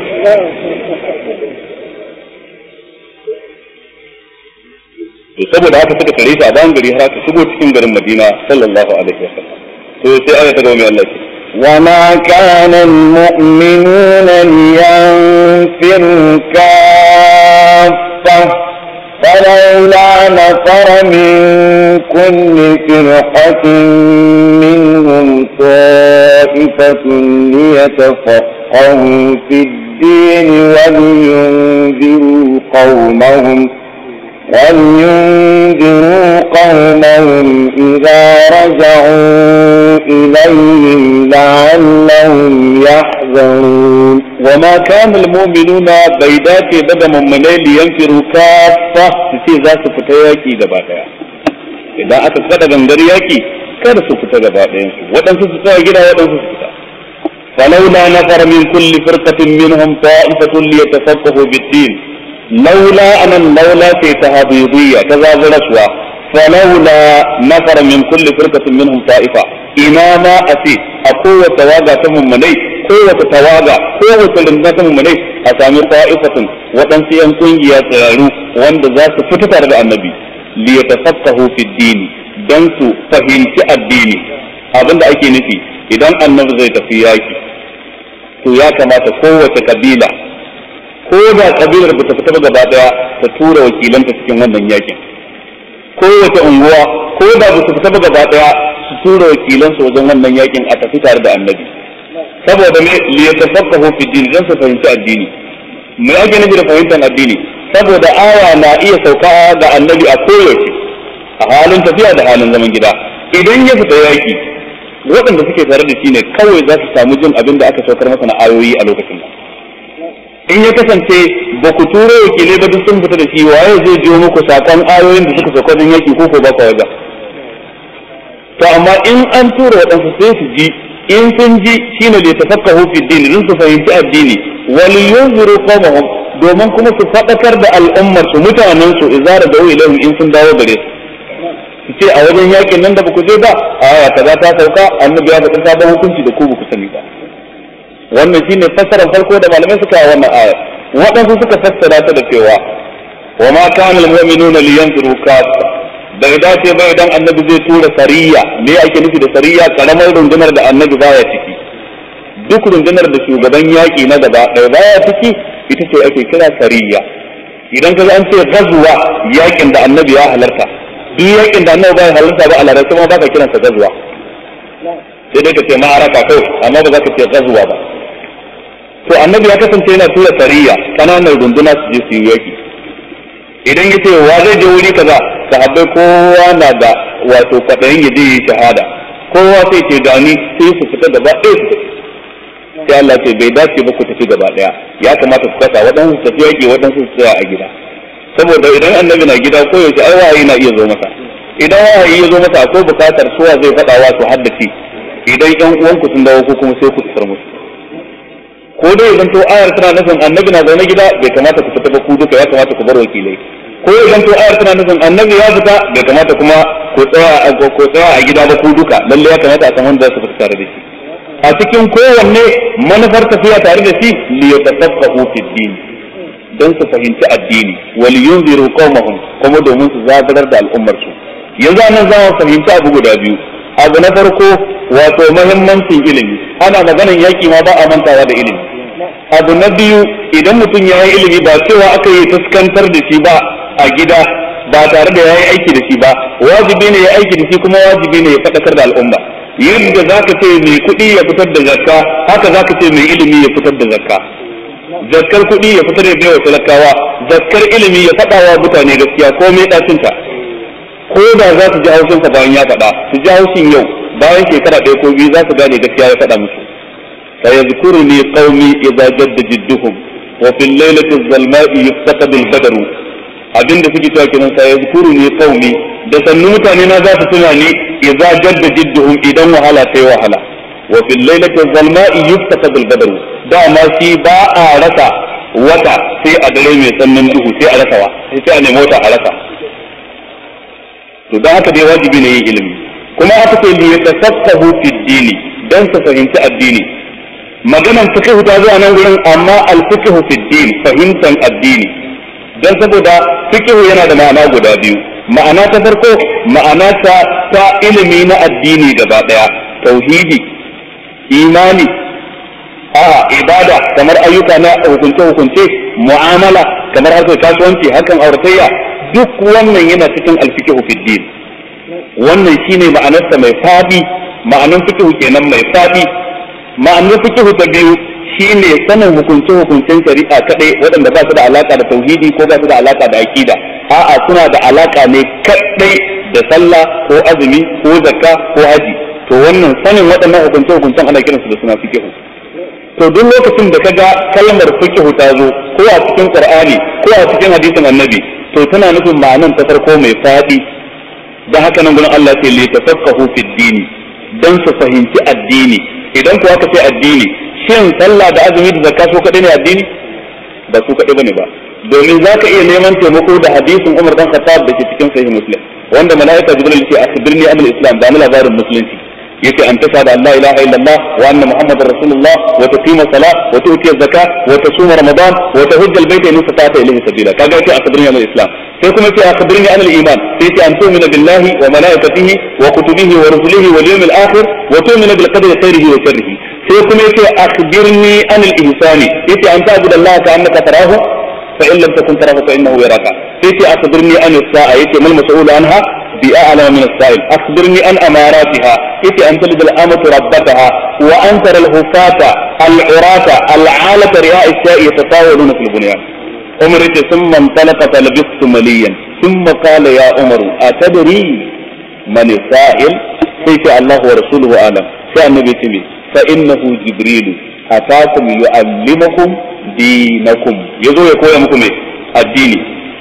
ya saboda haka suka tare shi a bayan gari har aka shigo cikin garin Madina sallallahu alaihi wasallam to sai aka ga mai Allah ke وما كان المؤمنون لينفروا كافة فلولا نفر من كل فرقة منهم طائفة ليتفقهوا في الدين ولينذروا قومهم ولينذروا قومهم إذا رجعوا إليهم لعلهم يحذرون وما كان المؤمنون بيداك بدا ممنين لينفروا كافة في ذات فتياكي دباتها إذا أتت كذا غنغرياكي kada su fita gaba ɗayansu waɗansu su tsaya gida waɗansu su fita falaula nafar min kulli firqatin minhum ta'ifatun liyatafaqahu bid-din laula anan laula ce ta habibiyya ta zabi rasuwa falaula nafar min kulli firqatin minhum ta'ifa ina ma a ce a kowace tawaga ta mummunai kowace tawaga kowace rinda ta mummunai a sami ta'ifatin waɗansu yan kungiya tsiraru wanda za su fita tare da annabi li yatafaqahu fi dini dan su fahimci addini abinda ake nufi idan annabi zai tafi yaki to ya kamata kowace kabila ko da kabilar ba ta fita ba gaba ta tura wakilanta cikin wannan yakin ko wata unguwa ko da ba su fita ba gaba su tura wakilansu wajen wannan yakin a tafi tare da annabi saboda me li yatafaqahu fi din dan su fahimci addini me yake nufi da fahimtar addini saboda awa na iya sauka ga annabi a koyaushe a halin tafiya da halin zaman gida idan ya fita yaki waɗanda suke tare da shi ne kawai za su samu jin abin da aka saukar masa na ayoyi a lokacin nan in ya kasance ba ku turo wakilai ba duk sun fita da shi waye zai jiyo muku sakon ayoyin da suka sauka din yaki ko ko ba ku ga? to amma in an tura waɗansu sai su ji in sun ji shine da tafakkahu fi dini don su fahimci addini wal yunziru qawmahum domin kuma su faɗakar da al'ummarsu su mutanen su izara da in sun dawo gare su ce a wajen yakin nan da ba ku je ba a kaza ta sauka annabi ya faɗi sabon hukunci da ku ba ku sani ba wannan shine fassarar farko da malamai suka yi wannan aya. waɗansu suka fassara ta da cewa wa ma kana almu'minuna liyanfiru kafa bai dace ba idan annabi zai tura sariya me ake nufi da sariya karamar rundunar da annabi baya ciki duk rundunar da shugaban yaƙi na gaba ɗaya baya ciki ita ce ake kira sariya idan ka an ce gazuwa yaƙin da annabi ya halarta duk yaƙin da annabi baya halarta ba a larabci ma ba ka kiransa gazuwa sai dai ka ce ma'araka kawai amma ba za ka ce gazuwa ba to annabi ya kasance yana tura sariya kananan runduna su je su yi yaki idan yace wa zai je wuri kaza sahabbai kowa na da wato kwaɗayin ya je yi shahada kowa sai ce gani sai su fita gaba ɗaya su tafi sai Allah ce bai dace ba ku tafi gaba ɗaya ya kamata ku kasa waɗansu su tafi yaki waɗansu su tsaya a gida saboda idan annabi na gida ko yaushe ai wahayi na iya zo masa idan wahayi ya zo masa akwai bukatar suwa zai faɗawa su haddace idan ƴan uwanku sun dawo ko kuma sai ku isar musu ko dai zan to ayar tana nufin annabi na zaune gida bai kamata ku fita ba ku duka ya kamata ku bar wakilai ko zan to ayar tana nufin annabi ya fita bai kamata kuma ko tsaya ko tsaya a gida ba ku duka lalle ya kamata a san wanda za fita tare da shi a cikin kowanne manufar tafiya tare da shi li yatafaqahu fi din dan su fahimci addini wal yunziru qawmahum kuma domin su zabarar da al'ummar su yanzu anan za mu fahimci abu guda biyu abu na farko wato mahimmancin ilimi ana maganin yaki ma ba a mantawa da ilimi abu na biyu idan mutum ya yi ilimi ba cewa aka yi fuskantar da shi ba a gida ba tare da ya yi aiki da shi ba wajibi ne ya aiki da shi kuma wajibi ne ya faɗakar da al'umma yadda za ka ce mai kuɗi ya fitar da zakka haka za ka ce mai ilimi ya fitar da zakka zakkar kuɗi ya fitar da baiwa talakawa zakkar ilimi ya faɗawa mutane gaskiya komai ɗacinta ko da za su ji haushinsa bayan ya faɗa su ji haushin yau bayan shekara ɗaya ko biyu za su gane gaskiya ya faɗa musu fa yadhkuruni qaumi idza jadda jidduhum wa fil laylati adh-dhalma'i yuftaqadu al-badaru abinda suke cewa kenan fa yadhkuruni qaumi da sannu mutane na za su tuna ni idza jadda jidduhum idan wahala ta yi wahala wa fil laylati adh-dhalma'i yuftaqadu al da dama shi ba a rasa wata sai a dare mai sannan duhu sai a rasawa sai a nemi wata a rasa to da haka dai wajibi ne yin ilimi kuma aka ce li yatasaffahu fi dini dan ta fahimci addini maganan fiqh ta zuwa nan gurin amma al fiqh fi din fahimtan addini dan saboda fiqh yana da ma'ana guda biyu ma'ana ta farko ma'ana ta ta ilimi na addini gaba daya tauhidi imani a ibada kamar ayyuka na hukunce-hukunce mu'amala kamar ta kasuwanci hakan auratayya duk wannan yana cikin alfiqh fi din wannan shine ma'anarsa mai faɗi. ma'anar fikihu kenan mai faɗi. ma'anar fikihu ta biyu shine sanin hukunce hukuncen shari'a kaɗai waɗanda ba su da alaka da tauhidi ko ba su da alaka da akida a'a suna da alaka ne kaɗai da sallah ko azumi ko zakka ko haji to wannan sanin waɗannan hukunce hukuncen ana kiransu da suna fikihu. to duk lokacin da ga kalmar fikihu ta zo ko a cikin qur'ani ko a cikin hadisin annabi to tana nufin ma'anan ta farko mai faɗi. da haka nan gudun Allah sai li tafaqahu fi dini dan su fahimci addini idan kuwa ka sai addini shin sallah da azumi da zakka su kadai ne addini ba su kadai bane ba domin zaka iya neman taimako da hadisin Umar dan Khattab da ke cikin sahih Muslim wanda malaika Jibril ce akhbirni abul islam da mu labarin musulunci yace an tashhadu an la ilaha illallah wa anna muhammadar rasulullah wa tuqima salat wa tu'ti zakat wa tasum ramadan wa tahujja albayta in istata ilayhi sabila kaga yace akhbirni an islam sai kuma yace akhbirni an al-iman sai yace an tu'mina billahi wa malaikatihi wa kutubihi wa rusulihi wal yawmil akhir wa tu'mina bil qadri khairihi wa sharrihi sai kuma yace akhbirni an al-ihsani yace an ta'budu allaha ka annaka tarahu fa in lam takun tarahu fa innahu yaraka sai yace akhbirni an as-sa'a yace mal mas'ul anha ربي أعلم من السائل أخبرني عن أماراتها إتي أن تلد الأمة ربتها وأن ترى الهفاة العراة العالة رعاء الشاء يتطاولون في البنيان عمر ثم انطلقت لبثت مليا ثم قال يا عمر أتدري من السائل سيف الله ورسوله أعلم فالنبي تمي فإنه جبريل أتاكم يعلمكم دينكم يزوي يقول لكم الدين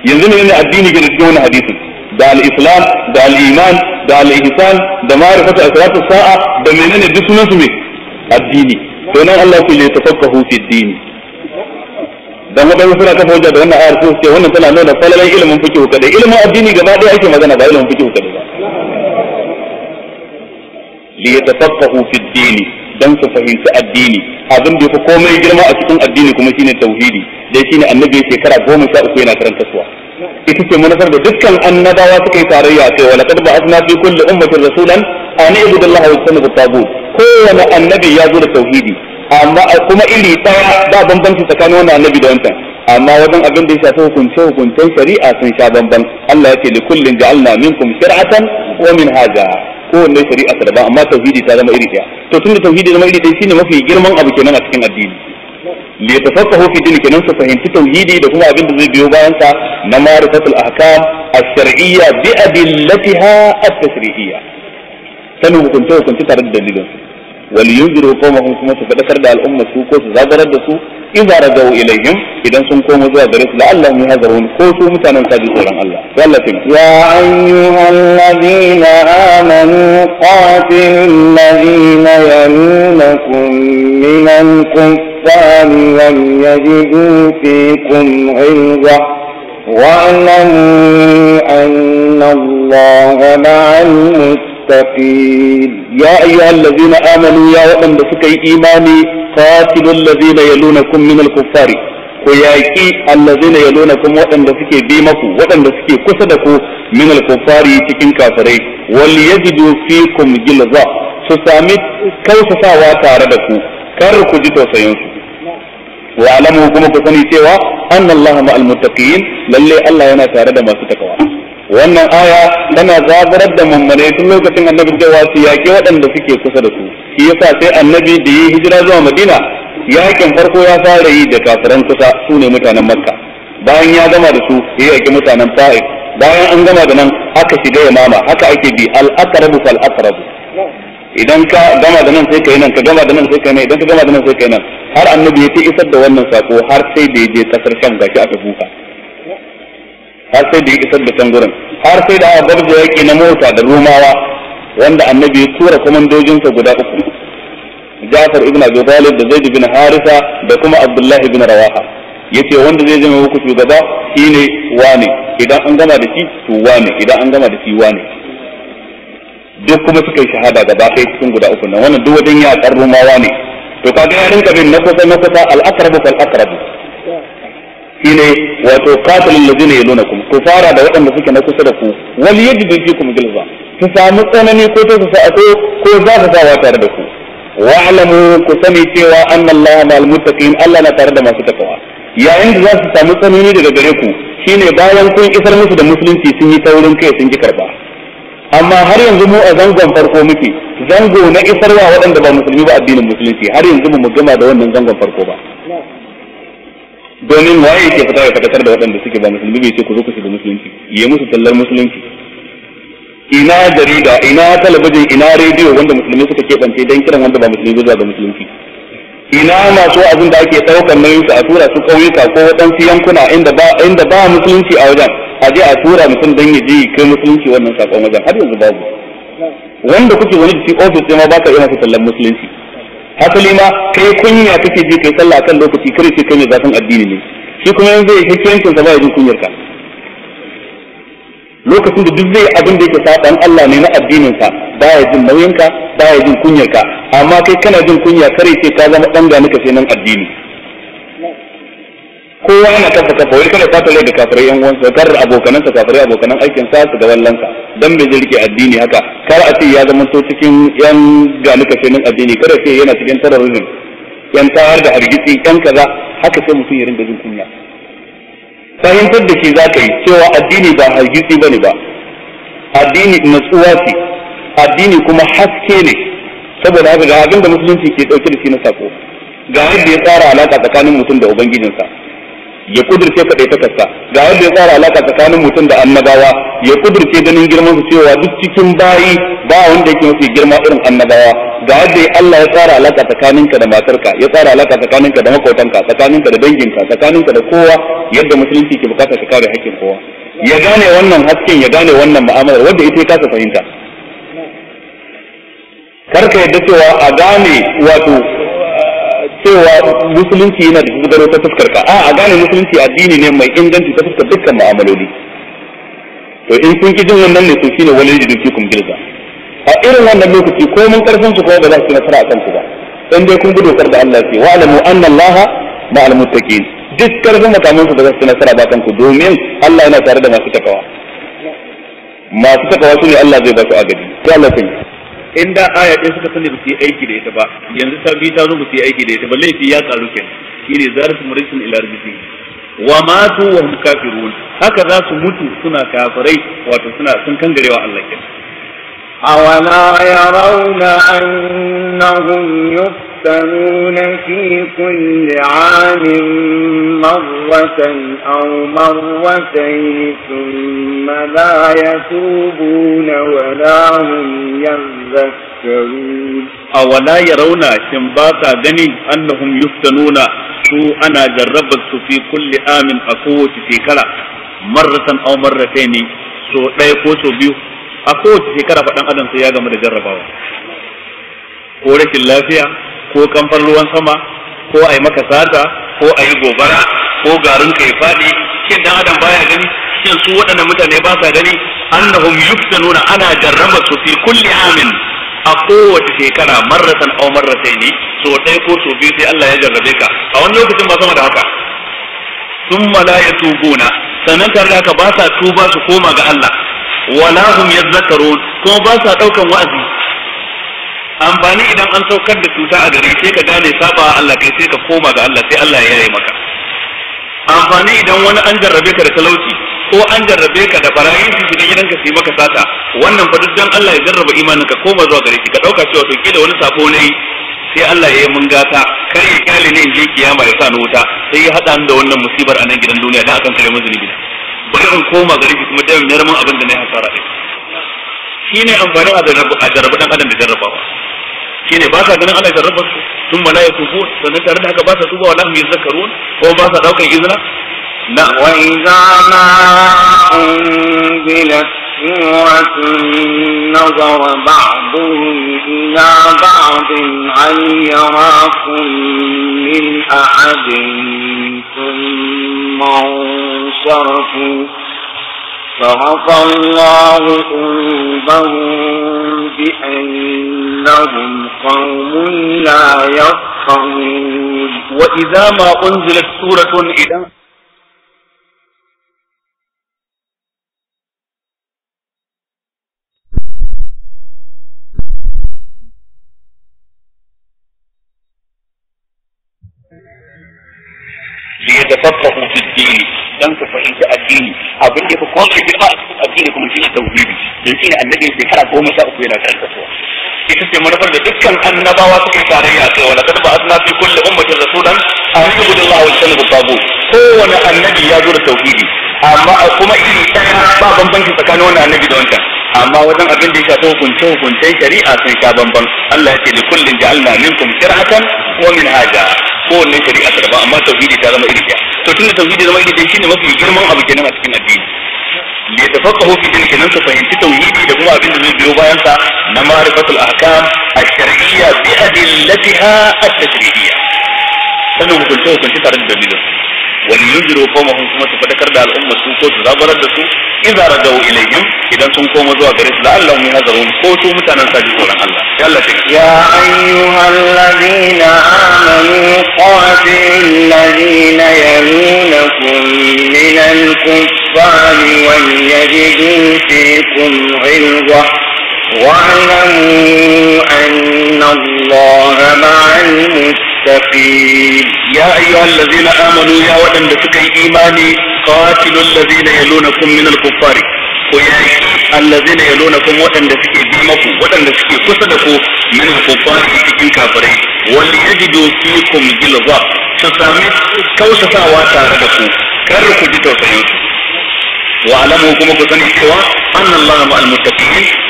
ينزل من الديني كده في حديث da al-islam da al-iman da al-ihsan da ma'rifatu asratu sa'a da menene duk sunan su ne addini to nan Allah ku ne tafakkahu fi dini dan wadannan suna kafa hujja da wannan ayar ko sai wannan tana nuna falalan ilimin fiqh kadai ilimin addini gaba daya ake magana ba ilimin fiqh kadai li yatafaqahu fi dini dan su fahimci addini abin da yafi komai girma a cikin addini kuma shine tauhidi dai shine annabi shekara goma sha uku yana karantarwa ita ce manufar da dukkan annabawa suka yi tarayya kai wa laqad ba'athna fi kulli ummatin rasulan an ibudu Allah wa yastanibu tabu kowanne annabi ya zo da tauhidi amma kuma iri daya ba bambanci tsakanin wannan annabi da wancan amma wajen abin da ya shafi hukunce hukuncen shari'a sun sha bamban Allah ya ce li kullin ja'alna minkum shir'atan wa minhaja kowanne shari'a ta daban amma tauhidi ta zama iri daya to tunda tauhidi zama iri daya shine mafi girman abu kenan a cikin addini ليتفقهوا في دينك ننسى فهم في توحيدي ده عبد الزي بيوبا ممارسة الأحكام الشرعية بأدلتها التشريعية تنو كنتو كنت ترد لدن ولينذروا قومهم كما تفتكر دع الأمة سوكوس زاد الدسو إذا ردوا إليهم إذا سن قوموا زادر لعلهم يهذرون قوتوا مثلا سادي سوران الله فالله يا أيها الذين آمنوا قاتل الذين يمونكم من الكفر الإنسان لم يجدوا فيكم غلظة واعلموا أن الله مع المتقين يا أيها الذين آمنوا يا ومن بسك إيماني قاتلوا الذين يلونكم من الكفار ويأتي الذين يلونكم وأن بسك ديمك وأن بسك كسدك من الكفار تكين كافرين وليجدوا فيكم جلظة سسامت كوسفا واتاردكو كركو جتو سينسو wa alamu kuma ku sani cewa annallaha ma'al muttaqin lalle Allah yana tare da masu takawa wannan aya tana zabarar da mummune tun lokacin annabi cewa su yaƙi waɗanda suke kusa da su shi yasa sai annabi da yi hijira zuwa madina yakin farko ya fara yi da kafiran kusa su ne mutanen makka bayan ya gama da su ya yaƙi mutanen ta'if bayan an gama da nan aka shiga yamama haka ake bi al-aqrabu fal-aqrabu idan ka gama da nan sai kai nan ka gama da nan sai kai nan idan ka gama da nan sai kai nan har annabi ya fi isar da wannan sako har sai da ya je kasar sham gashi aka buka har sai da ya isar da can gurin har sai da aka gabza yaki na mota da rumawa wanda annabi ya tura komandojinsa guda uku Ja'far ibn Abi Talib da Zaid ibn Harisa da kuma Abdullah ibn Rawaha yace wanda zai zama muku shugaba shine wane idan an gama da shi to wane idan an gama da shi wane duk kuma suka yi shahada gaba ɗaya cikin guda uku nan wannan duk wajen yaƙar rumawa ne to kaga ya rinka bin na kusa na kusa al-aqrabu fal aqrabu shine wato qatilul ladina yalunakum ku fara da waɗanda suke na kusa da ku wal yajidu fikum gilza ku samu tsanani ko ta sa ko ko za ta sawa tare da ku wa'lamu ku sani cewa annallaha ma'al muttaqin Allah na tare da masu takawa yayin da za su samu tsanani daga gare ku shine bayan kun isar musu da musulunci sun yi taurin kai sun ji karba amma har yanzu mu a zangon farko muke zango na isarwa waɗanda ba musulmi ba addinin musulunci har yanzu mu gama da wannan zangon farko ba domin waye yake fita ya fadakar da waɗanda suke ba musulmi bai ce ku zo ku shiga musulunci yayi musu tallar musulunci ina jarida ina talabijin ina rediyo wanda musulmi suka keɓance don kiran wanda ba musulmi zuwa ga musulunci ina masu abin da ake ɗaukar nauyinsu a tura su ƙauyuka ko waɗansu yankuna inda ba musulunci a wajen a je a tura mutum dan ya je kai musulunci wannan sakon wajen har yanzu babu wanda kuke wani da shi ofis ne ma baka iya masa tallan musulunci hasali ma kai kunya kake je kai sallah kan lokaci kare ce kai mai zafin addini ne shi kuma yanzu zai hikiyancin sa ba ya jin kunyar ka lokacin da duk zai abin da yake saban Allah ne na addinin sa ya jin nauyin ka ya jin kunyar ka amma kai kana jin kunya kare ce ka zama ɗan ga naka sai nan addini kowa yana kafa kafa wai kada fata lai da kafirai yan uwansa kar abokanansa kafirai abokanan aikin sa su ga wallansa dan bai jirki addini haka kar a ce ya zama to cikin yan ganuka kenan addini kar a ce yana cikin terrorism yan tawar da hargitsi yan kaza haka sai mutum ya rinda jin kunya fahimtar da shi za ka yi cewa addini ba hargitsi bane ba addini natsuwa ce addini kuma haske ne saboda haka ga abin da musulunci ke dauke da shi na sako ga yadda ya tsara alaka tsakanin mutum da ubangijinsa ya kudurce kadai takarsa ga yadda ya tsara alaka tsakanin mutum da annabawa ya kudirce ganin girman su cewa duk cikin bayi ba wanda yake mafi girma irin annabawa ga yadda Allah ya tsara alaka tsakaninka da matarka ya tsara alaka tsakaninka da makotanka tsakaninka da danginka tsakaninka da kowa yadda musulunci ke bukata ka kare hakkin kowa ya gane wannan hasken ya gane wannan mu'amalar wanda ita ya kasa fahimta Kar ka yadda cewa a gane wato cewa musulunci yana da gudaro ta fuskar ka a gane musulunci addini ne mai inganci ta fuskar dukkan ma'amaloli to in kun ki jin wannan ne to shine wani da duki kun gilza a irin wannan lokaci ko mun karfin su ko ba za su nasara a ku ba dan dai kun gudu kar da Allah ke wa alamu anna Allah ma'al muttaqin duk karfin makamin su ba za su nasara ba kan ku domin Allah yana tare da masu takawa masu takawa su ne Allah zai ba su agadi ya lafiya in da aya ɗaya suka sani ba su yi aiki da ita ba yanzu ta bi ta zo ba su yi aiki da ita ba laifi ya karu kenan shine zaratu murisin ila rijisi wa matu wa hum kafirun haka za su mutu suna kafirai wato suna sun kangarewa Allah kenan awala yarawna annahum yuf يفتنون sun كل عام مرة أو مرتين ثم لا يتوبون ولا هم يذكرون أولا يرون شنباتا غني أنهم يفتنون su ana jarrabar su fi kulli amin a kowace shekara marratan aw marrataini so ɗaya ko so biyu a kowace shekara faɗan adam sai ya gama da jarrabawa ko rashin lafiya ko kamfan ruwan sama ko a yi maka sata ko a yi gobara ko garin ka ya faɗi shin dan adam baya gani shin su waɗannan mutane ba sa gani annahum yuftanuna ana jarraba su fi kulli amin a kowace shekara marratan aw marrataini so ɗaya ko so biyu sai Allah ya jarrabe ka a wani lokacin ba sama da haka thumma la yatubuna sannan tare da haka ba sa tuba su koma ga Allah wala hum yadhakkarun kuma ba sa daukan wa'azi amfani idan an saukar da cuta a gari sai ka gane saba Allah kai sai ka koma ga Allah sai Allah ya yi maka amfani idan wani an jarrabe ka da talauci ko an jarrabe ka da barayin su gidan gidan ka sai maka sata wannan fa duk dan Allah ya jarraba imanin ka koma zuwa gare shi ka dauka cewa to da wani sako ne sai Allah ya yi mun gata kar ya kyale ne je kiyama ya sa ni wuta sai ya hada ni da wannan musibar a nan gidan duniya dan akan kare mun zunubi bari in koma gare shi kuma dan mun abin da na hasara Shi shine amfanin a jarrabu dan adam da jarrabawa shine ba sa ganin Allah ya rabba su tun ma laye tare da haka ba sa tubawa lahum yuzakkarun ko ba sa daukar izina na wa idza ma unzila suratun nazara ba'dhum ila ba'dhin an yaraqum min ahadin thumma sarfu فرق الله قلوبهم بأنهم قوم لا يفقهون وإذا ما أنزلت سورة إذا ليتفقهوا في الدين dan su fahimci addini abin da ya fi komai girma a cikin addini kuma shine tauhidi dan shine annabi shekara goma sha uku yana karkatuwa ita ce manufar da dukkan annabawa suke tarayya kai wala kad ba'athna fi kulli ummatin rasulan an yubudu Allah wa yashhadu tabu kowane annabi ya zo da tauhidi amma a kuma iri ɗaya ba bambanci tsakanin wannan annabi da wancan amma wajen abin da ya shafi hukunce hukunce shari'a sun sha bambam Allah ya ce da kullum ja'alna minkum shir'atan wa min haja kowanne shari'a ta daban amma tauhidi ta zama iri ɗaya to tunda tauhidi zama iri shine mafi girman abu kenan a cikin addini li tafaqahu fi din kenan su fahimci tauhidi da kuma abin da zai biyo bayan sa na ma'rifatul ahkam ash-shar'iyya bi adillatiha at-tajridiyya sanin hukunce hukunce tare da dalilin wani yujiru qawmahum kuma su fadakar da al'umma sun ko su zabarar da su in za rajau ilayhim idan sun koma zuwa gare su mun hazaru ko su mutanen sa ji tsoron Allah ya Allah shi ya ayyuhal ladina amanu qatil ladina min al kuffari wal yajidu fikum ghilwa واعلموا أن الله مع المتقين المتقين يا أيها الذين آمنوا يا ولن تكي إيماني قاتلوا الذين يلونكم من الكفار ويأتي الذين يلونكم ولن تكي ديمكم ولن تكي قصدكم من الكفار تكي كافرين وليجدوا فيكم جلظة تسامي كو واتاردكم كركوا كاركو سيوتكم wa وعلموا kuma أن الله مع anna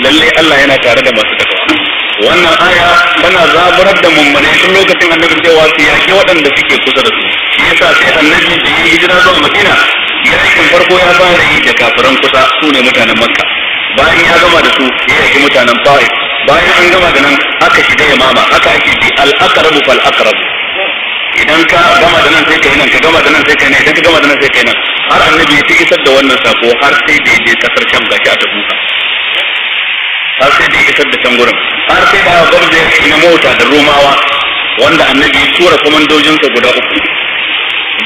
للي ma'al ينا lalle Allah wannan aya tana zaburar da mummunai tun lokacin annabi cewa su yaƙi waɗanda suke kusa da su shi yasa sai annabi da yi hijira zuwa madina yakin farko ya fara yi da kafiran kusa su ne mutanen makka bayan ya gama da su ya yaƙi mutanen fa'i bayan an gama da nan aka shiga ya mama aka ake bi al'akarabu. fal akarabu idan ka gama da nan sai kai nan ka gama da nan sai kai nan idan ka gama da nan sai kai nan har annabi ya isar da wannan sako har sai da ya je kasar sham gashi a tabuka har sai da isar da can gurin har sai ba gwamnati na mota da rumawa wanda annabi ya tura komandojinsa guda uku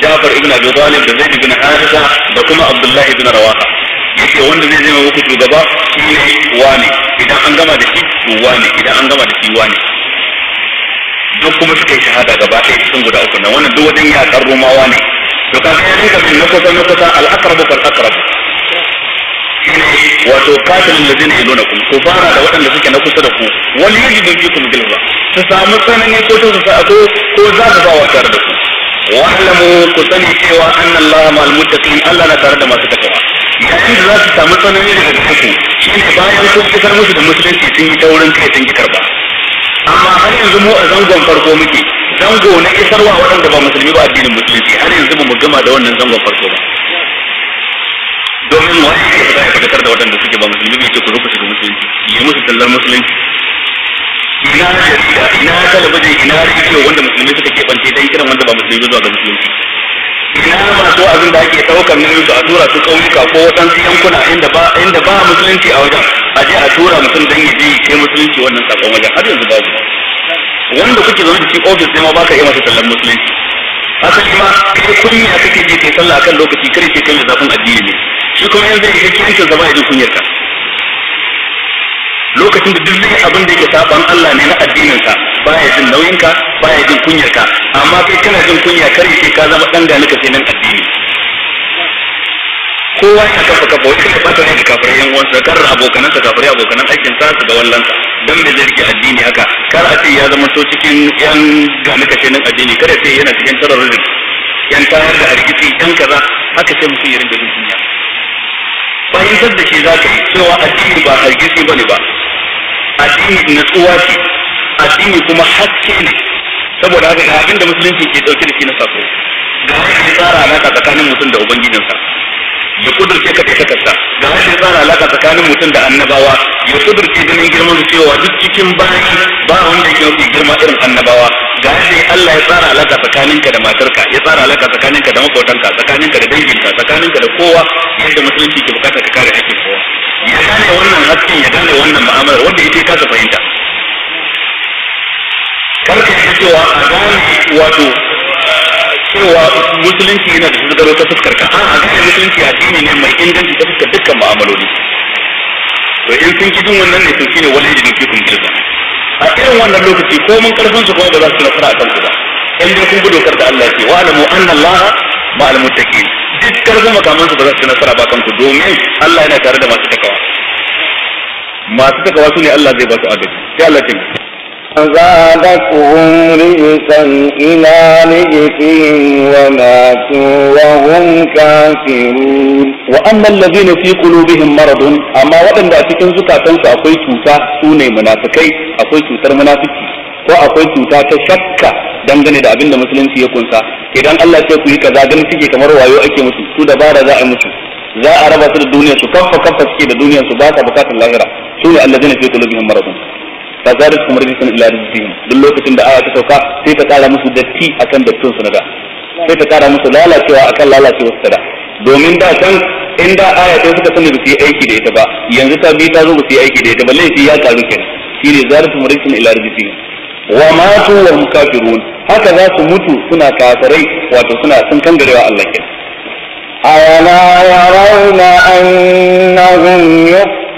Jafar ibn Abi Talib da Zaid ibn Harisa da kuma Abdullah ibn Rawaha yake wanda zai zama muku shugaba shi ne wani idan an gama da shi wani idan an gama da shi wani duk kuma suka yi shahada gaba ɗaya cikin guda uku na wannan duk wajen yaƙar Romawa ne to kaga ya rinka bin na kusa na kusa al-aqrabu fal-aqrabu shine wato qatilul ladina yalunakum ku fara da waɗanda suke na kusa da ku wani yajidu fikum gilba su samu tsanani ko ta sa ko ko za ka ba wa tare da ku wa'lamu ku sani cewa annallaha ma'al muttaqin Allah na tare da masu takawa yayin da za su samu tsanani daga cikin ku shine bayan kun fitar musu da musulunci sun yi taurin kai sun yi karba amma har yanzu mu a zangon farko muke zango na isarwa waɗanda ba musulmi ba addinin musulunci har yanzu ba mu gama da wannan zangon farko ba domin wani ke fita ya fadakar da waɗanda suke ba musulmi bai ce ku zo shiga musulunci yi musu tallar musulunci ina jarida ina talabijin ina rediyo wanda musulmi suka ke bance dan kiran wanda ba musulmi ba zuwa ga musulunci ina masu abin da ake ɗaukar nauyin su a tura su ƙauyuka ko waɗansu yankuna inda ba inda ba musulunci a wajen a je a tura mutum dan ya je kai musulunci wannan sakon wajen har yanzu babu wanda kuke zaune da shi ofis ne ma baka iya masa tallar musulunci asali ma kai kunya kake ji kai sallah akan lokaci kare kai kai zafin addini ne shi kuma yanzu zai kai kiyancin zama ba kunyar ka lokacin da duk zai abin da yake saban Allah ne na addinin ka baya jin nauyin ka baya jin kunyar ka amma kai kana jin kunya kare kai ka zama dan gani ka sai nan addini kowa ya kafa kafa wani kafa ta yanki kafar yan uwansa kar abokanan sa kafirai abokanan aikin sa su ga wallan sa dan me zai rike addini haka kar a ce ya zama so cikin yan gani kashe nan addini kada ce yana cikin rizik yan tayar da rikici yan kaza haka sai mutum ya rinka duniya fahimtar da shi za ka yi cewa addini ba hargitsi ne ba addini natsuwa ce addini kuma haske ne saboda haka ga abin da musulunci ke dauke da shi na sako ga ya tsara na tsakanin mutum da ubangijinsa da kudurce ka kai takarda ga hashe tsara alaka tsakanin mutum da annabawa ya kudurce ganin girman su cewa duk cikin bayi ba wanda ke mafi girma irin annabawa ga hashe Allah ya tsara alaka tsakaninka da matarka ya tsara alaka tsakaninka da makotanka tsakaninka da danginka tsakaninka da kowa yadda musulunci ke bukata ka kare hakkin kowa ya gane wannan hakkin ya gane wannan mu'amalar wanda yake kasa fahimta karka yi cewa a gane wato cewa musulunci yana da zuzaro ta fuskar ka a a gane musulunci addini ne mai inganci ta fuskar dukkan ma'amaloli to in sun ki bin wannan ne sun shine wani jini ki kun kirza a irin wannan lokaci ko mun karfin su kuma ba za su nasara akan ku ba in dai kun bi da Allah ce wa alamu anna Allah ma'al muttaqin duk karfin makaman su ba za su nasara ba kan ku domin Allah yana tare da masu takawa masu takawa su ne Allah zai ba su agaji sai Allah ya فزادتهم رجسا إلى رجسهم وماتوا وهم كافرون وأما الذين في قلوبهم مرض أما وأن أتكن زكاة أقوي توتا سوني منافقين أقوي توتر منافقين ko akwai cuta dangane da abin da musulunci ya kunsa idan Allah ce ku yi kaza ganin kike kamar wayo ake musu su da bara za a musu za a raba su da duniya su kaffa kaffa suke da duniya su ba ta bukatar lahira su ne allazina fi qulubihim maradun fa zadat kum sun ila rijsihim duk lokacin da aya ta sauka sai ta kara musu datti akan dattin su na da sai ta kara musu lalacewa akan lalacewa su da domin da can in da aya ta suka sani ba su yi aiki da ita ba yanzu ta bi ta zo su yi aiki da ita ba laifi ya karu kenan shine zadat kum sun ila rijsihim wa matu wa hum kafirun haka za su mutu suna kafirai wato suna sun kangarewa Allah ke. أولا يرون أنهم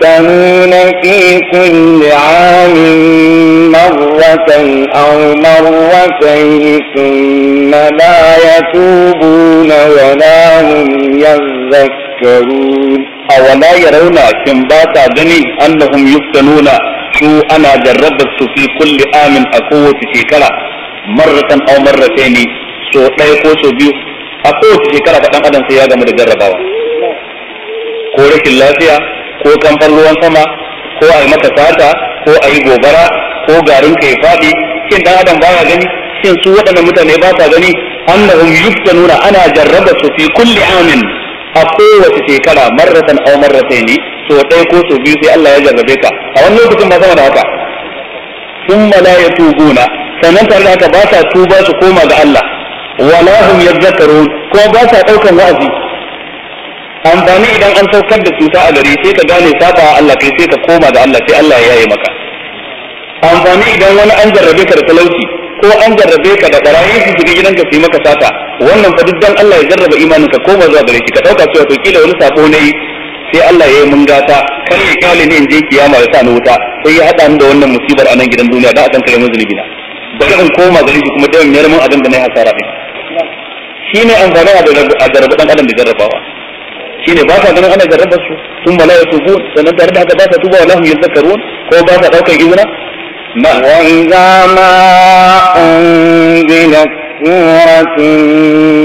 يفتنون في كل عام مرة أو مرتين ثم لا يتوبون ولا هم يذكرون أولا يرون كم باتا غني أنهم يفتنون شو أنا جربت في كل عام أقوة شكرا مرة أو مرتين سو لا يقوسوا بيو أقوة شكرا فكان أدن سيادة مدجربا ko rashin lafiya ko kamfan ruwan sama ko a yi mata fata ko a yi gobara ko garin kai faɗi shin dan adam baya gani shin su waɗannan mutane ba sa gani annahum yuftanuna ana jarraba su fi kulli amin a kowace shekara marratan aw marrataini so ɗaya ko so biyu sai Allah ya jarrabe ka a wani lokacin ba sama da haka thumma la yatubuna sannan tare da haka ba sa tuba su koma ga Allah wala hum yadhakkarun ko ba sa daukan wa'azi amfani idan an saukar da cuta a gari sai ka gane saba Allah kai sai ka koma da Allah sai Allah ya yi maka amfani idan wani an jarrabe ka da talauci ko an jarrabe ka da barayi su shiga gidanka su yi maka sata wannan fa duk dan Allah ya jarraba imanin ka koma zuwa gare shi ka dauka cewa to kila wani sako ne sai Allah ya yi mun gata kar ya kyale ni in je kiyama ya sa ni wuta sai ya hada ni da wannan musibar a nan gidan duniya da a kare mun zunubi na daga in koma gare shi kuma da mun a dan da na yi hasara ne. shine amfani a jarrabe dan adam da jarrabawa shine ba sa ganin ana jarrabar su sun mala ya tubu sannan tare da haka ba sa tuba wa lahum yadhakkarun ko ba sa daukar izina ma wa idza ma unzilat سورة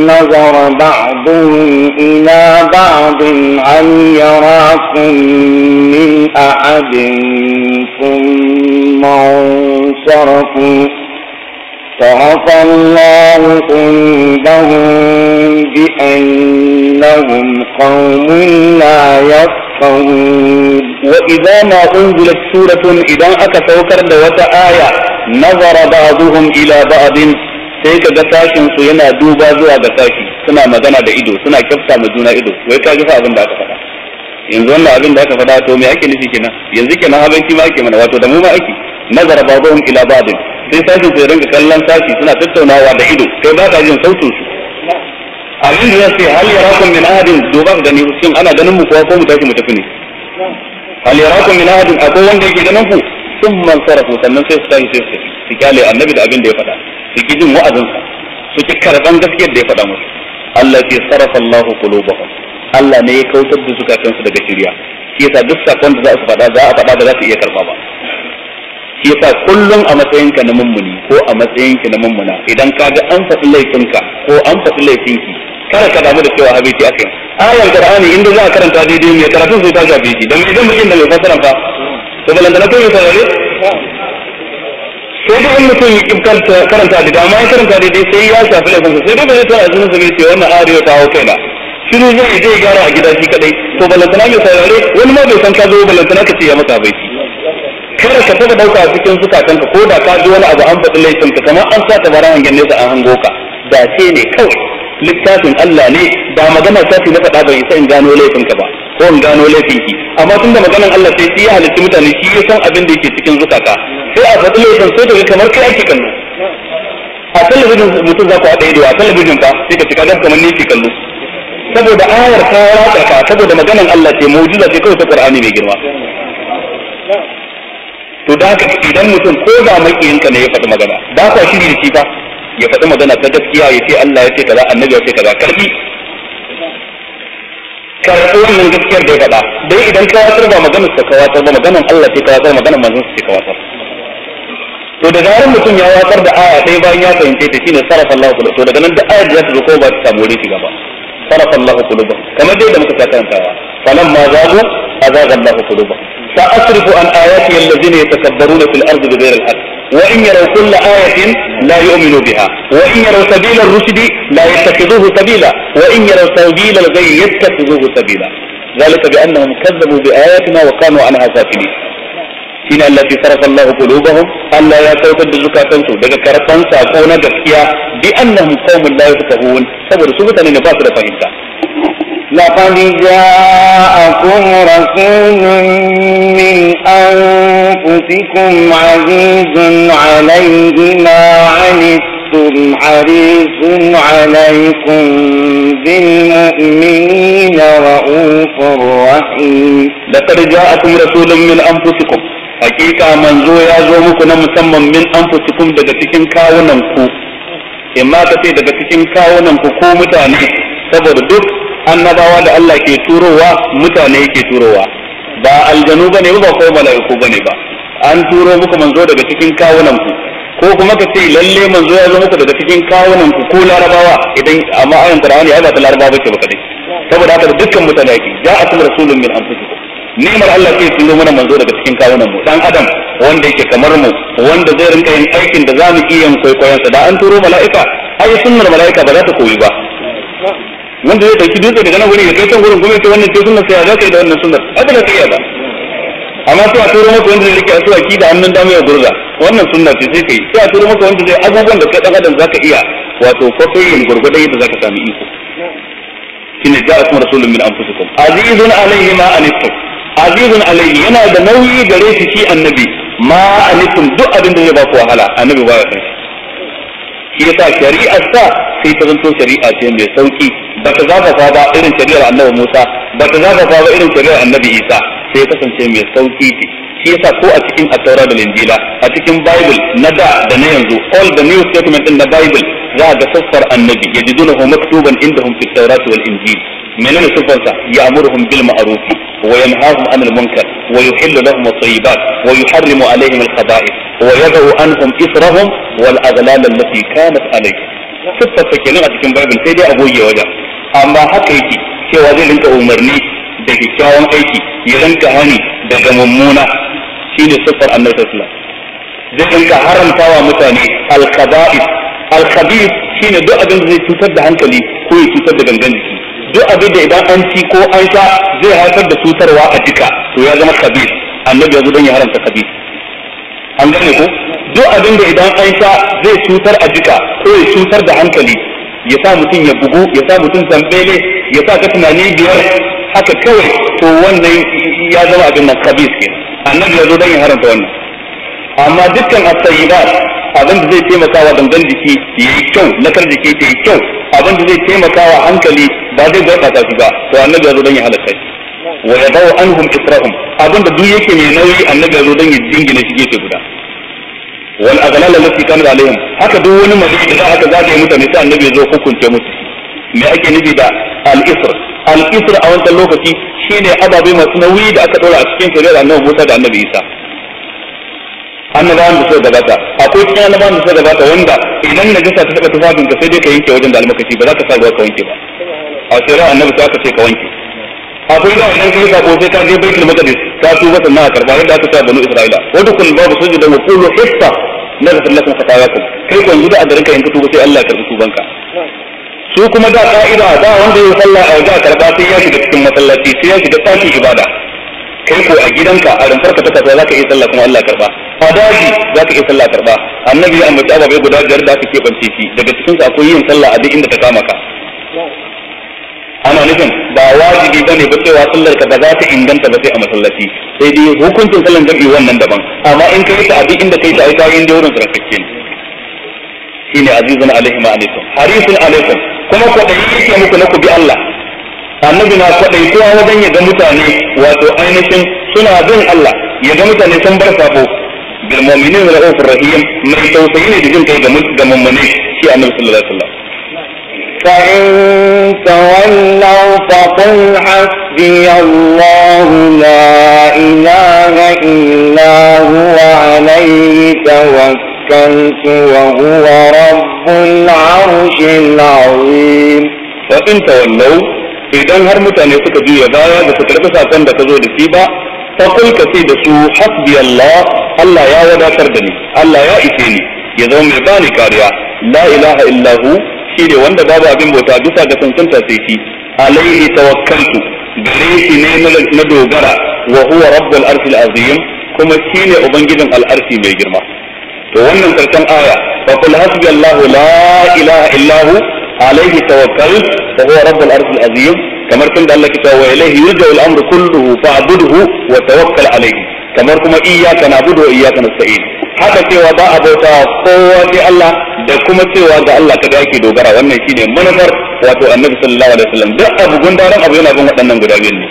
نظر بعضهم إلى بعض هل يراكم من أحد ثم انصرفوا فعفى الله عندهم بأنهم قوم لا يفقهون وإذا ما أنزلت سورة إذا أتفوكر لوت آية نظر بعضهم إلى بعض sai ka ga sashin su yana duba zuwa ga sashi suna magana da ido suna kyafta ma juna ido wai ka ga abin da aka faɗa yanzu wannan abin da aka faɗa to me ake nufi kenan yanzu kenan habanci ma ake mana wato da mu ma ake nazara babun ila babin sai sashin su ya rinka kallon sashi suna tattaunawa da ido kai ba ka jin sautin su abin da yake hal yarakum min ahadin duba ga ni shin ana ganin mu kuwa ko mu tashi mu tafi ne hal yarakum min ahadin akwai wanda yake ganin ku sun man sarrafu sannan sai su tashi sai su su kyale annabi da abin da ya faɗa su ki jin wa'azinsa su ki karban gaskiyar da ya faɗa musu Allah ke sarafa Allahu qulubahum Allah ne ya kautar da zukatansu daga shirya shi yasa duk sakon da za su faɗa za a faɗa ba za su iya karɓa ba shi yasa kullum a matsayinka na mummuni ko a matsayinki na mummuna idan ka ga an faɗi laifinka ko an faɗi laifinki kada ka damu da cewa habiti akai ayar qur'ani inda za a karanta daidai mai karatun sai ta ga shi dan idan mutum da mai fasara fa to balantana kai mai sarare sai dai in mutum ya kibkanta karanta da dama ya karanta daidai sai ya shafi laifinsa sai dai ba zai tana azumin sa bai ce wannan ariyo ta hau kaina shiru zai je gyara a gida shi kadai to balantana mai sarare wani ma bai san ka zo balantana ka ce ya maka baiti Kar ka taɓa ɗauka a cikin zukatanka ko da ka ji wani abu an faɗi laifin ka kamar an sa tabaran hangen nesa an hango ka dace ne kawai littafin Allah ne ba magana ta na faɗa ban isa in gano laifin ka ba ko in gano laifin ki amma tunda maganan Allah sai shi ya halitta mutane shi ya san abin da yake cikin zukata sai a faɗi laifin sai daga kamar kai ake kallo a talabijin mutum za ku haɗa ido a talabijin fa sai ka cika kamar ni ke kallo saboda ayar ta ratsa ka saboda maganan Allah ce mu'jiza ce kawai ta Qur'ani mai girma to da haka idan mutum ko da makiyinka ne ya faɗi magana da ka shiri da shi ba ya faɗi magana ta gaskiya ya ce Allah ya ce kaza annabi ya ce kaza karbi karɓi wannan gaskiyar da ya faɗa dai idan ka watsar ba maganar sa ka watsar ba maganar Allah ce ka watsar maganar manzon ce ka watsar to da zarar mutum ya watsar da aya ɗaya bayan ya fahimce ta shine sarafa Allah kullu to daga nan da ayar da za ta zo ko ba ta samu wurin shiga ba sarafa Allah ba. kamar dai da muka sa karantawa ma zagu azaga Allah ba. سأصرف عن آياتي الذين يتكبرون في الأرض بغير الحق وإن يروا كل آية لا يؤمنوا بها وإن يروا سبيل الرشد لا يتخذوه سبيلا وإن يروا سبيل الغي يتخذوه سبيلا ذلك بأنهم كذبوا بآياتنا وكانوا عنها غافلين shine التي صرف الله قلوبهم ألا Allah ya saukar da zukatansu daga karfan sako na gaskiya bi annahum qaumun la yafqahun لقد جاءكم رسول من أنفسكم عزيز عليه ما عنتم حريص عليكم بالمؤمنين رؤوف رحيم لقد جاءكم رسول من أنفسكم حقيقة من زو يازومك نمسمم من أنفسكم دقتكم كاوننكو إما تتي دقتكم كاوننكو كومتاني saboda duk annabawa da Allah ke turowa mutane ke turowa ba aljanu bane ba ko mala'iku bane ba an turo muku manzo daga cikin kawunan ku ko kuma ka ce lalle manzo ya zo muku daga cikin kawunan ku ko larabawa idan amma ayan qur'ani ai ba ta larabawa bace ba kadai saboda haka dukkan mutane yake ja'atul rasulun min anfusikum ni'mar Allah ke turo mana manzo daga cikin kawunan mu dan adam wanda yake kamar mu wanda zai rinka yin aikin da zamu iya yin kwaikwayon sa da an turo mala'ika ai sunnar mala'ika ba za ta koyi ba wanda zai tafi dutse daga nan wurin ya kai kan wurin gwamnati wannan ce sunan sai za ka yi da wannan sunan haka da kai ba amma sai a turo maka wanda zai rike asuwaki da hannun dama ya gurza wannan sunna ce sai kai sai a turo maka wanda zai abubuwan da kai dan adam zaka iya wato fakirin gurgurda yadda zaka sami iko shine ja'akum rasulun min anfusikum azizun alayhi ma anittum azizun alayhi yana da nauyi gare shi shi annabi ma anittum duk abin da zai ba ku wahala annabi ba ya san shi shi yasa shari'ar sa sai ta zanto shari'a ce mai sauki ba ta zafafa ba irin shari'ar annabi Musa ba ta zafafa ba irin shari'ar annabi Isa sai ya kasance mai sauki ce shi yasa ko a cikin at da Injila a cikin Bible na da da na yanzu all the new statement ɗin na Bible قاعد تفسر النبي يجدونه مكتوبا عندهم في التوراة والإنجيل من أين يأمرهم بالمعروف وينهاهم عن المنكر ويحل لهم الطيبات ويحرم عليهم الخبائث ويضع عنهم إثرهم والأغلال التي كانت عليهم فسر فكينا أتكلم باب سيدة أبو يوجا أما حقيقي شوازي لنك أمرني ده كاوان أيكي يغنك هاني ده ممونة شيني سفر أنه تسلا ده لنك حرم تاوى متاني الخبائث al shine duk abin da zai cutar da hankali ko ya cutar da gangan jiki duk abin da idan an ci ko an sha zai haifar da cutarwa a jika to ya zama khabith annabi zo dan ya haramta khabith an gane ko duk abin da idan an sha zai cutar a jika ko ya cutar da hankali ya sa mutum ya bugu ya sa mutum zambele ya sa ka tunani biyar haka kawai to wannan ya zama abin nan khabith kenan annabi zo dan ya haramta wannan amma dukkan at-tayyibat abin da zai taimaka wa dangan jiki ya yi kyau na kan jiki ta yi kyau abin da zai taimaka wa hankali ba zai gurɓata shi ba to annabi ya zo ya halaka shi wa ya bawo anhum israhum abin da duk yake mai nauyi annabi ya zo don ya dingina shi gefe guda wal aghlal allati kanat alaihim haka duk wani yi da aka zagaye mutane sai annabi ya zo hukunce musu me ake nufi da al-isr a wancan lokaci shine ababe masu nauyi da aka dora a cikin shari'ar annabi Musa da annabi Isa annabawan da suka gabata akwai cikin annabawan da suka gabata wanda idan na najasa ta taba tufafin ka sai dai ka yanke wajen da almakashi ba za ka sa ruwa ka wanke ba a shari'a annabi sai aka ce ka wanke akwai da idan kai sako sai ka je baitul maqdis ka tuba sannan a karba yadda aka sa banu isra'ila wadda kun babu sujudan wa qulu hitta na da sallakan fatayakum kai kun yi da adarinka in ka tuba sai Allah ya karbi tubanka su kuma da ka'ida da wanda ya salla a wajen karba sai ya shiga cikin masallaci sai ya shiga ɗakin ibada kai ko a gidanka a rumfarka ta za ka iya sallah kuma Allah karba a daji ka iya sallah karba annabi ya ambata ababai guda biyar da aka kwance shi daga cikin su akwai yin sallah a duk inda ta kama ka ana nufin ba wajibi bane ba cewa sallar ka ba za ta inganta ba sai a masallaci sai dai hukuncin sallar jami'i wannan daban amma in kai ta a duk inda kai ta ai kayan da wurin sarkakke ne shine azizun alaihi ma alaikum harisun alaikum kuma ko da yake muku na ku bi Allah annabi na kwadai kowa wajen ya ga mutane wato ainihin suna bin Allah ya ga mutane sun bar sabo bil mu'minin ra'ufur rahim mai tausayi ne da jin kai ga mummune shi annabi sallallahu alaihi wasallam فإن تولوا فقل idan har mutane suka juya baya da su karɓi sakon da ka zo da shi ba fa kul ka ce da su hasbi Allah Allah ya wadatar da ni Allah ya ise ni ya zama mai bani kariya la ilaha illa hu shine wanda babu abin bauta bisa ga cancanta sai shi alaihi tawakkaltu gare shi ne na dogara wa huwa rabbul arshil azim kuma shine ubangijin al'arshi mai girma to wannan karshen aya fa kul hasbi Allah la ilaha illa hu عليه توكلت وهو رب الأرض العظيم كما كنت قال لك وإليه يرجع الأمر كله فاعبده وتوكل عليه كما كما إياك نعبد وإياك نستعين haka cewa ba a bauta kowa sai Allah da kuma cewa ga Allah kada yake dogara wannan shine manufar wato Annabi sallallahu alaihi wasallam duk abu gundaran abu yana bin waɗannan guda biyu ne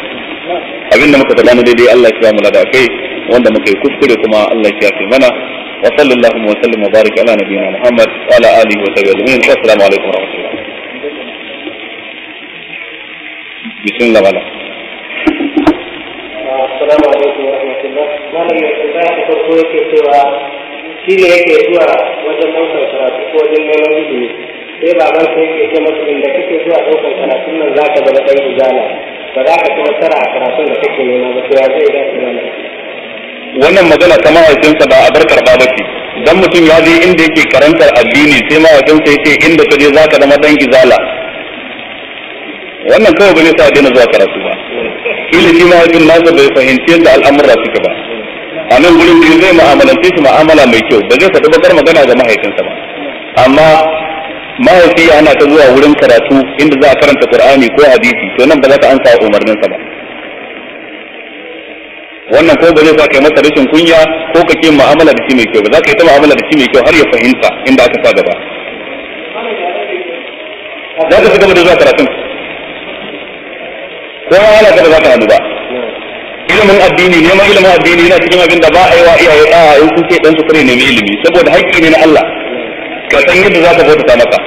abin da muka tabana daidai Allah ya mu lada kai wanda muka yi kuskure kuma Allah ya kai mana wa sallallahu wa sallam wa baraka ala nabiyyina Muhammad wa ala alihi wa sahbihi ajma'in assalamu alaikum wa rahmatullahi بسم الله ولا السلام عليكم الله wannan magana ta mahaifinsa ba bar karba ba ce dan mutum ya je inda yake karantar addini sai mahaifinsa ya ce inda ka je za ka zama dan izala wannan kawai bane sa daina zuwa karatu ba kila shi mahaifin nasa bai fahimci yadda al'amura suke ba a nan gurin biyu zai ma'amalanci su ma'amala mai kyau ba zai sadu bakar magana ga mahaifinsa ba amma mahaifi ana ta zuwa wurin karatu inda za a karanta qur'ani ko hadisi to nan ba za ta ansa umarninsa ba wannan ko ba zai sa kai masa rashin kunya ko ka ke mu'amala da shi mai kyau ba za ka yi ta mu'amala da shi mai kyau har ya fahimta inda aka sa gaba za ka fi gaba da zuwa karatun sai ma halaka da za ka hannu ba ilimin addini neman ilimin addini yana cikin abin da ba a yi wa iyaye ɗaya in sun ce ɗan su kare nemi ilimi saboda haƙƙi ne na Allah ka san yadda za ka bauta maka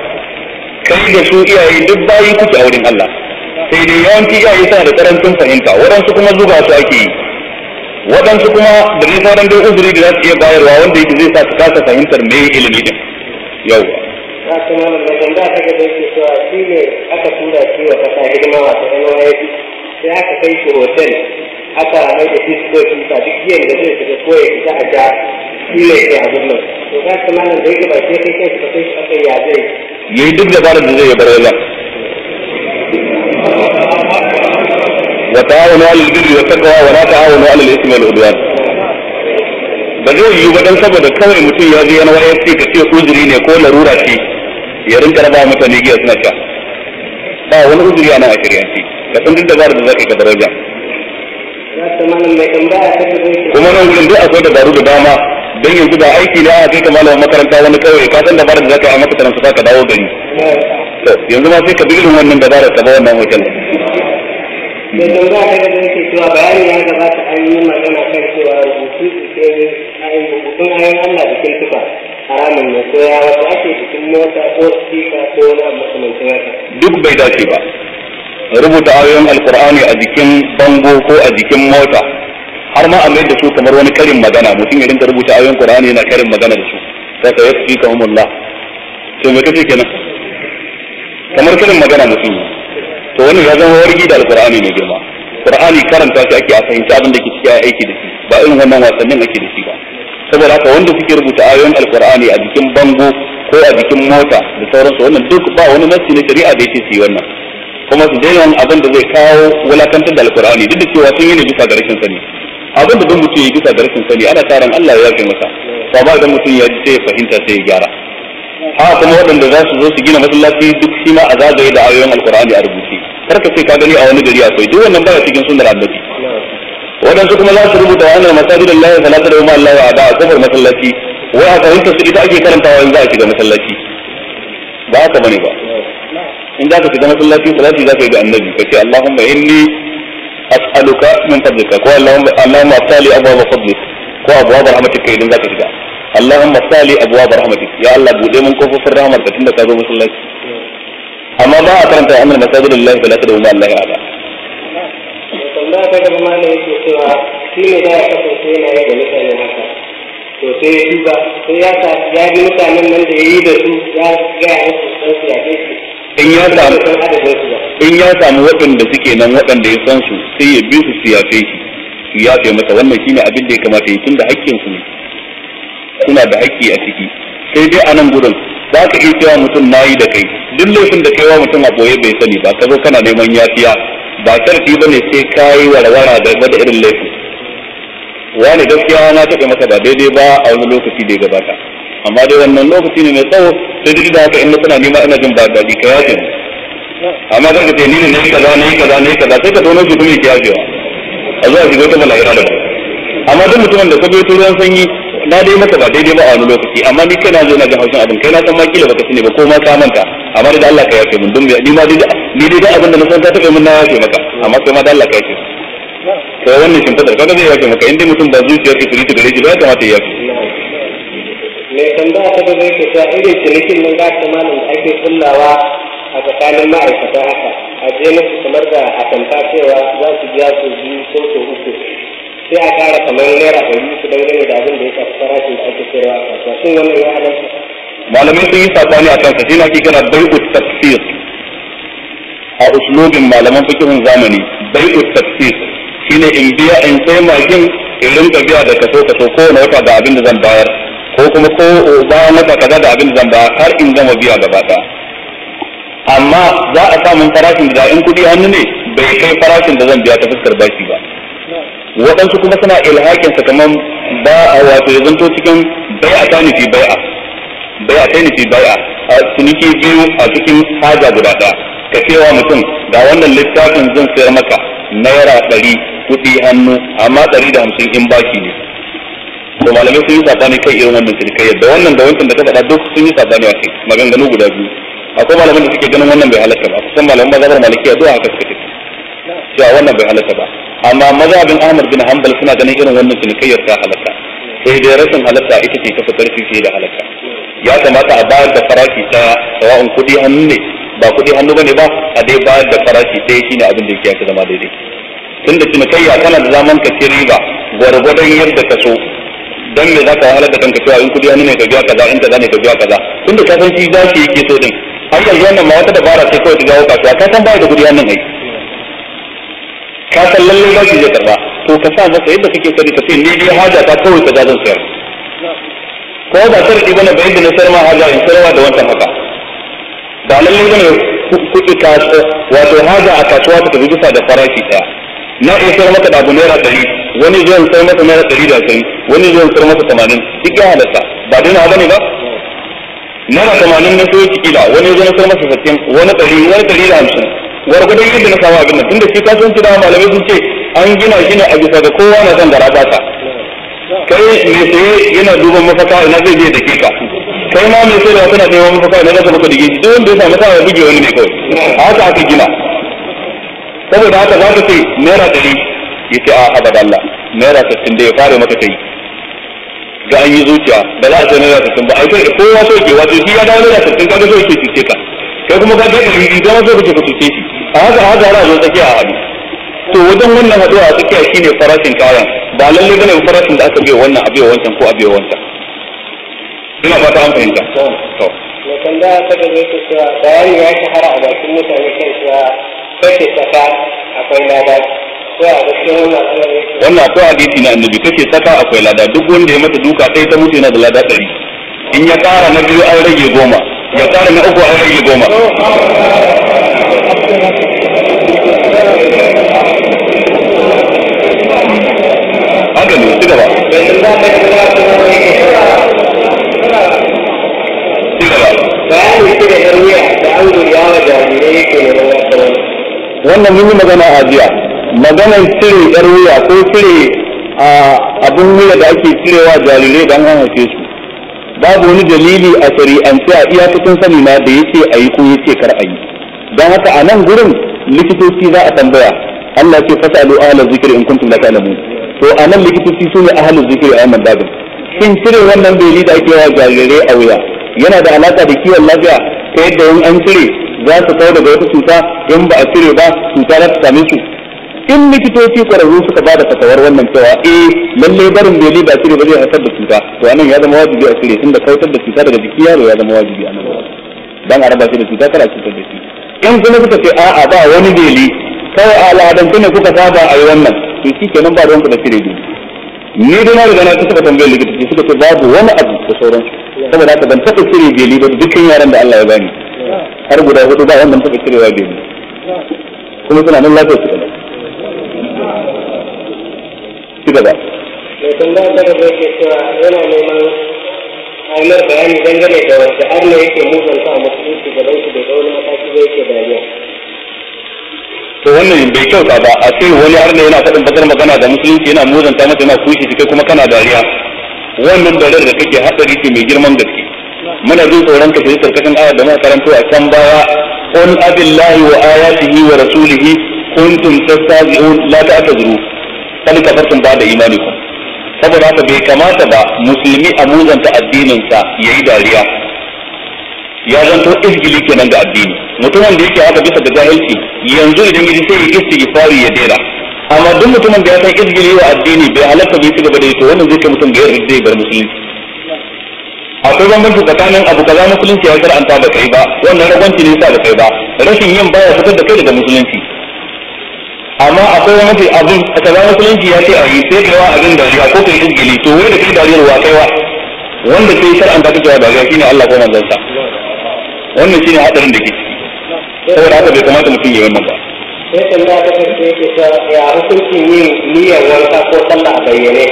kai da su iyaye duk bayi kuke a wurin Allah sai dai yawanci iyaye suna da karancin fahimta waɗansu kuma zuba su ake yi waɗansu kuma da nisa sauran dai uzuri da za su iya bayarwa wanda yake zai sa su kasa fahimtar me ilimi din yau wato mai tambaya ta gaba yake cewa shi ne aka tura shi wa kasa hidima wato NYSC sai aka kai shi hotel aka mai da diskoki ba duk yin da zai shiga ko ya fita a ja ile ya abin nan to ka kuma nan da yake ba sai kai kai ka kai shi aka ya zai yayi duk da barin da zai bar wala wa ta'awunu 'alal birri wa taqwa wa la ta'awunu 'alal ithmi wal 'udwan ba zai yiwu ba dan saboda kawai mutum ya je yana YFC ka ce uzuri ne ko larura ce ya rinka raba mutane giya suna ta ba wani uzuri ana a ce ka san duk zarar da za ka yi ka kuma nan gurin duk akwai dabaru da dama don yanzu ba aiki ne a kai ka malamin makaranta wani kawai ka san dabarar da za ka yi a maka taransa ka dawo gari yanzu ma sai ka bi wannan da zarar ka ba wannan hotel an yi magana kan mota ko duk bai dace ba rubuta ayoyin alkur'ani a jikin bango ko a jikin mota har ma a mai da su kamar wani karin magana mutum ya rinka rubuta ayoyin qur'ani yana karin magana da su ta ka yafi kamullah to me kace kenan kamar karin magana mutum to wannan ya zama wargi da alkur'ani ne girma qur'ani karanta shi ake a fahimci abin da ke ciki a aiki da shi ba irin wannan wasannin ake da shi ba saboda haka wanda suke rubuta ayoyin alkur'ani a jikin bango ko a jikin mota da sauransu wannan duk ba wani nassi na shari'a da yake su yi wannan kuma su daina wani abin da zai kawo wulakantar da alkur'ani duk da cewa sun yi ne bisa da rashin sani abin da don mutum ya bisa da rashin sani ana taron Allah ya yafe masa to ba idan mutum ya ji sai ya fahimta sai ya gyara ha kuma waɗanda za su zo su gina masallaci duk shi ma a zagaye da ayoyin alkur'ani a rubuce kar ka sai ka gani a wani gari akwai duk wannan baya cikin sunnar annabi waɗansu kuma za su rubuta wannan masajidan Allah ya salata da Allah ya ada a kofar masallaci wai a fahimta su ita ake karantawa yanzu a shiga masallaci ba haka bane ba in za ka shiga masallaci salati za ka yi ga annabi ka ce Allahumma inni as'aluka min fadlika ko Allahumma Allahumma sali abwaab fadlik ko abwaab rahmatika idan za ka shiga Allahumma sali abwaab rahmatik ya Allah bude mun kofofin rahmar ka tunda ka zo masallaci amma ba a karanta amal masajidillahi fala tad'u ma Allah ala da ta gaba mana yake cewa shi ne da ya kasance yana yi da mutane haka to sai ya duba sai ya ga mutanen nan da ya yi da su ya ga ya su san su ya ke in ya samu in ya waɗanda suke nan waɗanda ya san su sai ya bi su su yafe shi su yafe masa wannan shine abin da ya kamata yi tunda hakkin su ne suna da hakki a ciki sai dai a nan gurin za ka iya cewa mutum na yi da kai duk laifin da kaiwa mutum a ɓoye bai sani ba ka zo kana neman yafiya ba karfi ba ne sai ka yi warwara game da irin laifin wani gaskiya na taɓa masa ba daidai ba a wani lokaci da ya gabata amma dai wannan lokaci ne mai tsawo sai duk da haka in na tana nema ina jin ba daɗi ka yafe mu amma zan ka ce ni ne na yi kaza na yi kaza na yi kaza sai ka tono shi kuma ya yafewa a zuwa shi wata bala'ira da amma duk mutumin da sabai turuwan sanyi na dai masa ba daidai ba a wani lokaci amma ni kai na zo na ga haushin abin kai na san ma kila baka sani ba ko ma ka manta amma da Allah ka yafe mun dun ni ma dai ni dai abin da na san ta taɓa mun na yafe maka amma sai ma da Allah ka yafe to wannan ka kaga zai yafe maka in dai mutum ba zuciya ke turi ta gare shi ba ya kamata ya yafe mai tambaya ta gaba yake cewa irin cinikin nan za ta malam da ake kullawa a tsakanin ma'aikata haka a je musu kamar da a tamfa cewa za su biya su biyu ko su uku sai a kara kamar naira ɗari su dangane da abin da ya shafi farashin da ake sayarwa a kasuwa shin wannan ya halarta. malamai sun yi sabani a kansa shi na ke kira bai'u tafsir a uslubin malaman fikihun zamani bai'u tafsir shine in biya in sai magin in rinka biya da kaso kaso kowane wata ga abin da zan bayar ko kuma ko a wata kaza da abin zan ba har in gama biya gaba ɗaya amma za a samu farashin da in kuɗi hannu ne bai kai farashin da zan biya ta fuskar baki ba waɗansu kuma suna ilhakin sa kamar ba a wato ya zanto cikin a ta nufi bai a ta nufi bai a a ciniki biyu a cikin haja guda ɗaya ka cewa mutum ga wannan littafin zan sayar maka naira ɗari kuɗi hannu amma ɗari da hamsin in baki ne to malamai sun yi sabani kai irin wannan kirkai da wannan da wancan da ka faɗa duk sun yi sabani a kai maganganu guda biyu akwai malamai da suke ganin wannan bai halatta ba kusan malaman mazhabar malikiya zuwa haka suka ce cewa wannan bai halatta ba amma mazhabin Ahmad bin Hanbal suna ganin irin wannan kirkai ta halatta sai dai rashin halatta ita ce tafi karfi fiye da halatta ya kamata a bayar da farashi ta sawa'un kuɗi hannu ne ba kuɗi hannu bane ba a dai bayar da farashi shi ne abin da yake ya zama daidai tunda cinikayya kana da zaman ka ci riba gwargwadon yadda ka so dan me zaka wahalar da kanka cewa in kudi hannu ne ka biya kaza in kaza ne ka biya kaza tunda ka san shi zaki yake so din har yanzu wannan ma wata dabara sai kawai ta jawo kasuwa ka san baya da kudi hannun ai ka san lalle ba shi zai karba to ka sa masa yadda kake sani ka ce ni dai haja ta kawai kaza zan sayar ko ba sarki bane ba inda na sayar ma haja in sayarwa da wancan haka ba lalle bane kuɗi ka wato haja a kasuwa ta tafi bisa da farashi ɗaya na in sayar maka da abu naira ɗari wani zai sai masa naira ɗari da sai wani zai sai masa tamanin duk ya halatta ba dai ba ne ba naira tamanin na so ki kila wani zai sai masa sittin wani ɗari wani ɗari da hamsin gwargwadon yadda na samu abin nan tunda shi kasuwanci da malamai sun ce an gina shi ne a bisa ga kowa na son gara ka kai mai saye yana duban mafaka ina zai je da ke ka kai ma mai sayarwa tana neman mafaka ina zai maka digi gishi duk wanda ya samu sa ya buge wani ne kawai haka aka gina saboda haka za ka ce naira ɗari ya ce a ah, haba da Allah naira sassin da ya fara maka kai ga an yi zuciya ba za a sai naira sassin ba a yi kai kowa so ke wato shi ya dawo naira sassin kaga so ke cuce ka kai kuma ka daɗa yi zama so kake ka cuce shi a haka a haka ra'ayin tsakiya a haɗu to wajen wannan haɗuwa a tsakiya shine farashin kayan ba lallai ganin farashin da aka biya wannan a biya wancan ko a biya wancan ina fata an fahimta to ta da zai cewa bayani ya shahara a bakin mutane kan cewa kake tsaka akwai ba wannan akwai hadisi na annabi kake saka akwai lada duk wanda ya mata duka sai ta mutu yana da lada ɗari in ya kara na biyu an rage goma ya kara na uku an rage goma haka ne ci gaba wannan yi magana a jiya maganar cire yar wuya ko cire abin wuya da ake cirewa jarirai dan an su babu wani dalili a shari'ance a cikin sani na da a yi ko yake kar a yi Don haka a nan gurin likitoci za a tambaya Allah ce fasalu ahla zikiri in kuntum la ta'lamun to a nan likitoci sune ahla zikiri a yamma babin sun cire wannan beli da ake wa jarirai a wuya yana da alaka da kiwon lafiya ta yadda wani an cire za su kawo daga wata cuta in ba a cire ba cuta za ta same su in likitoci kwararru suka ba da fasawar wannan cewa eh lalle barin beli ba cire ba zai haifar da cuta to anan ya zama wajibi a cire tunda kautar da cuta daga jiki yaro ya zama wajibi a nan dan a raba shi da cuta kada cutar da shi in kuma suka ce a'a ba wani beli kawai a al'adance ne kuka saba a yi wannan to shi kenan ba ku da cire biyu. ni dai na riga na suka tambayar likitoci suka ce babu wani abu da sauran saboda haka ban taɓa cire beli ba dukkan yaran da Allah ya bani har guda hudu ba wannan taɓa cirewa beli kuma suna nan lafiya su ci gaba cewa yana neman da yake a da da yake dariya to wannan bai kyauta ba a ce wani har ne yana faɗin bakar magana da musulunci yana muzanta mata yana kushe shi kai kuma kana dariya wannan darar da kake hadari ce mai girman gaske muna jin tsoron ka shi karkashin da muka karanto a can baya qul abillahi wa ayatihi wa rasulihi kuntum tastazi'un la ta'tazuru kal kafartum ba da ku saboda haka bai kamata ba musulmi a muzanta addininsa ya yi dariya ya zanto izgili kenan ga addini mutumin da yake haka bisa da jahilci yanzu idan yaji sai ya istighfari ya dera amma duk mutumin da ya san izgili wa addini bai halatta bai cigaba da to wannan zai kai mutum da ya zai bar musulunci akwai bambanci tsakanin abu kaza musulunci ya karanta da kai ba wannan ragwanci ne sa da kai ba rashin yin baya fitar da kai daga musulunci amma akwai mafi abin a kaza musulunci ya ce a yi sai kaiwa abin dariya ko kai izgili to wai da kai dariyar wa kaiwa wanda sai kar an tafi cewa dariya shine Allah ko manzon sa wannan shine hadarin da ke ciki saboda haka bai kamata mutum ya yi wannan ba sai tambaya ta kace yake ya yin niyyar wanka ko sallah a bayyane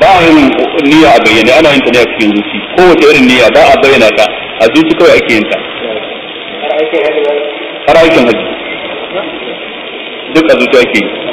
ba a yin niyya a bayyane ana yin ta ne a cikin zuci kowace irin niyya ba a bayyana ta a zuci kawai ake yin ta har aikin hajji duk a zuciya yi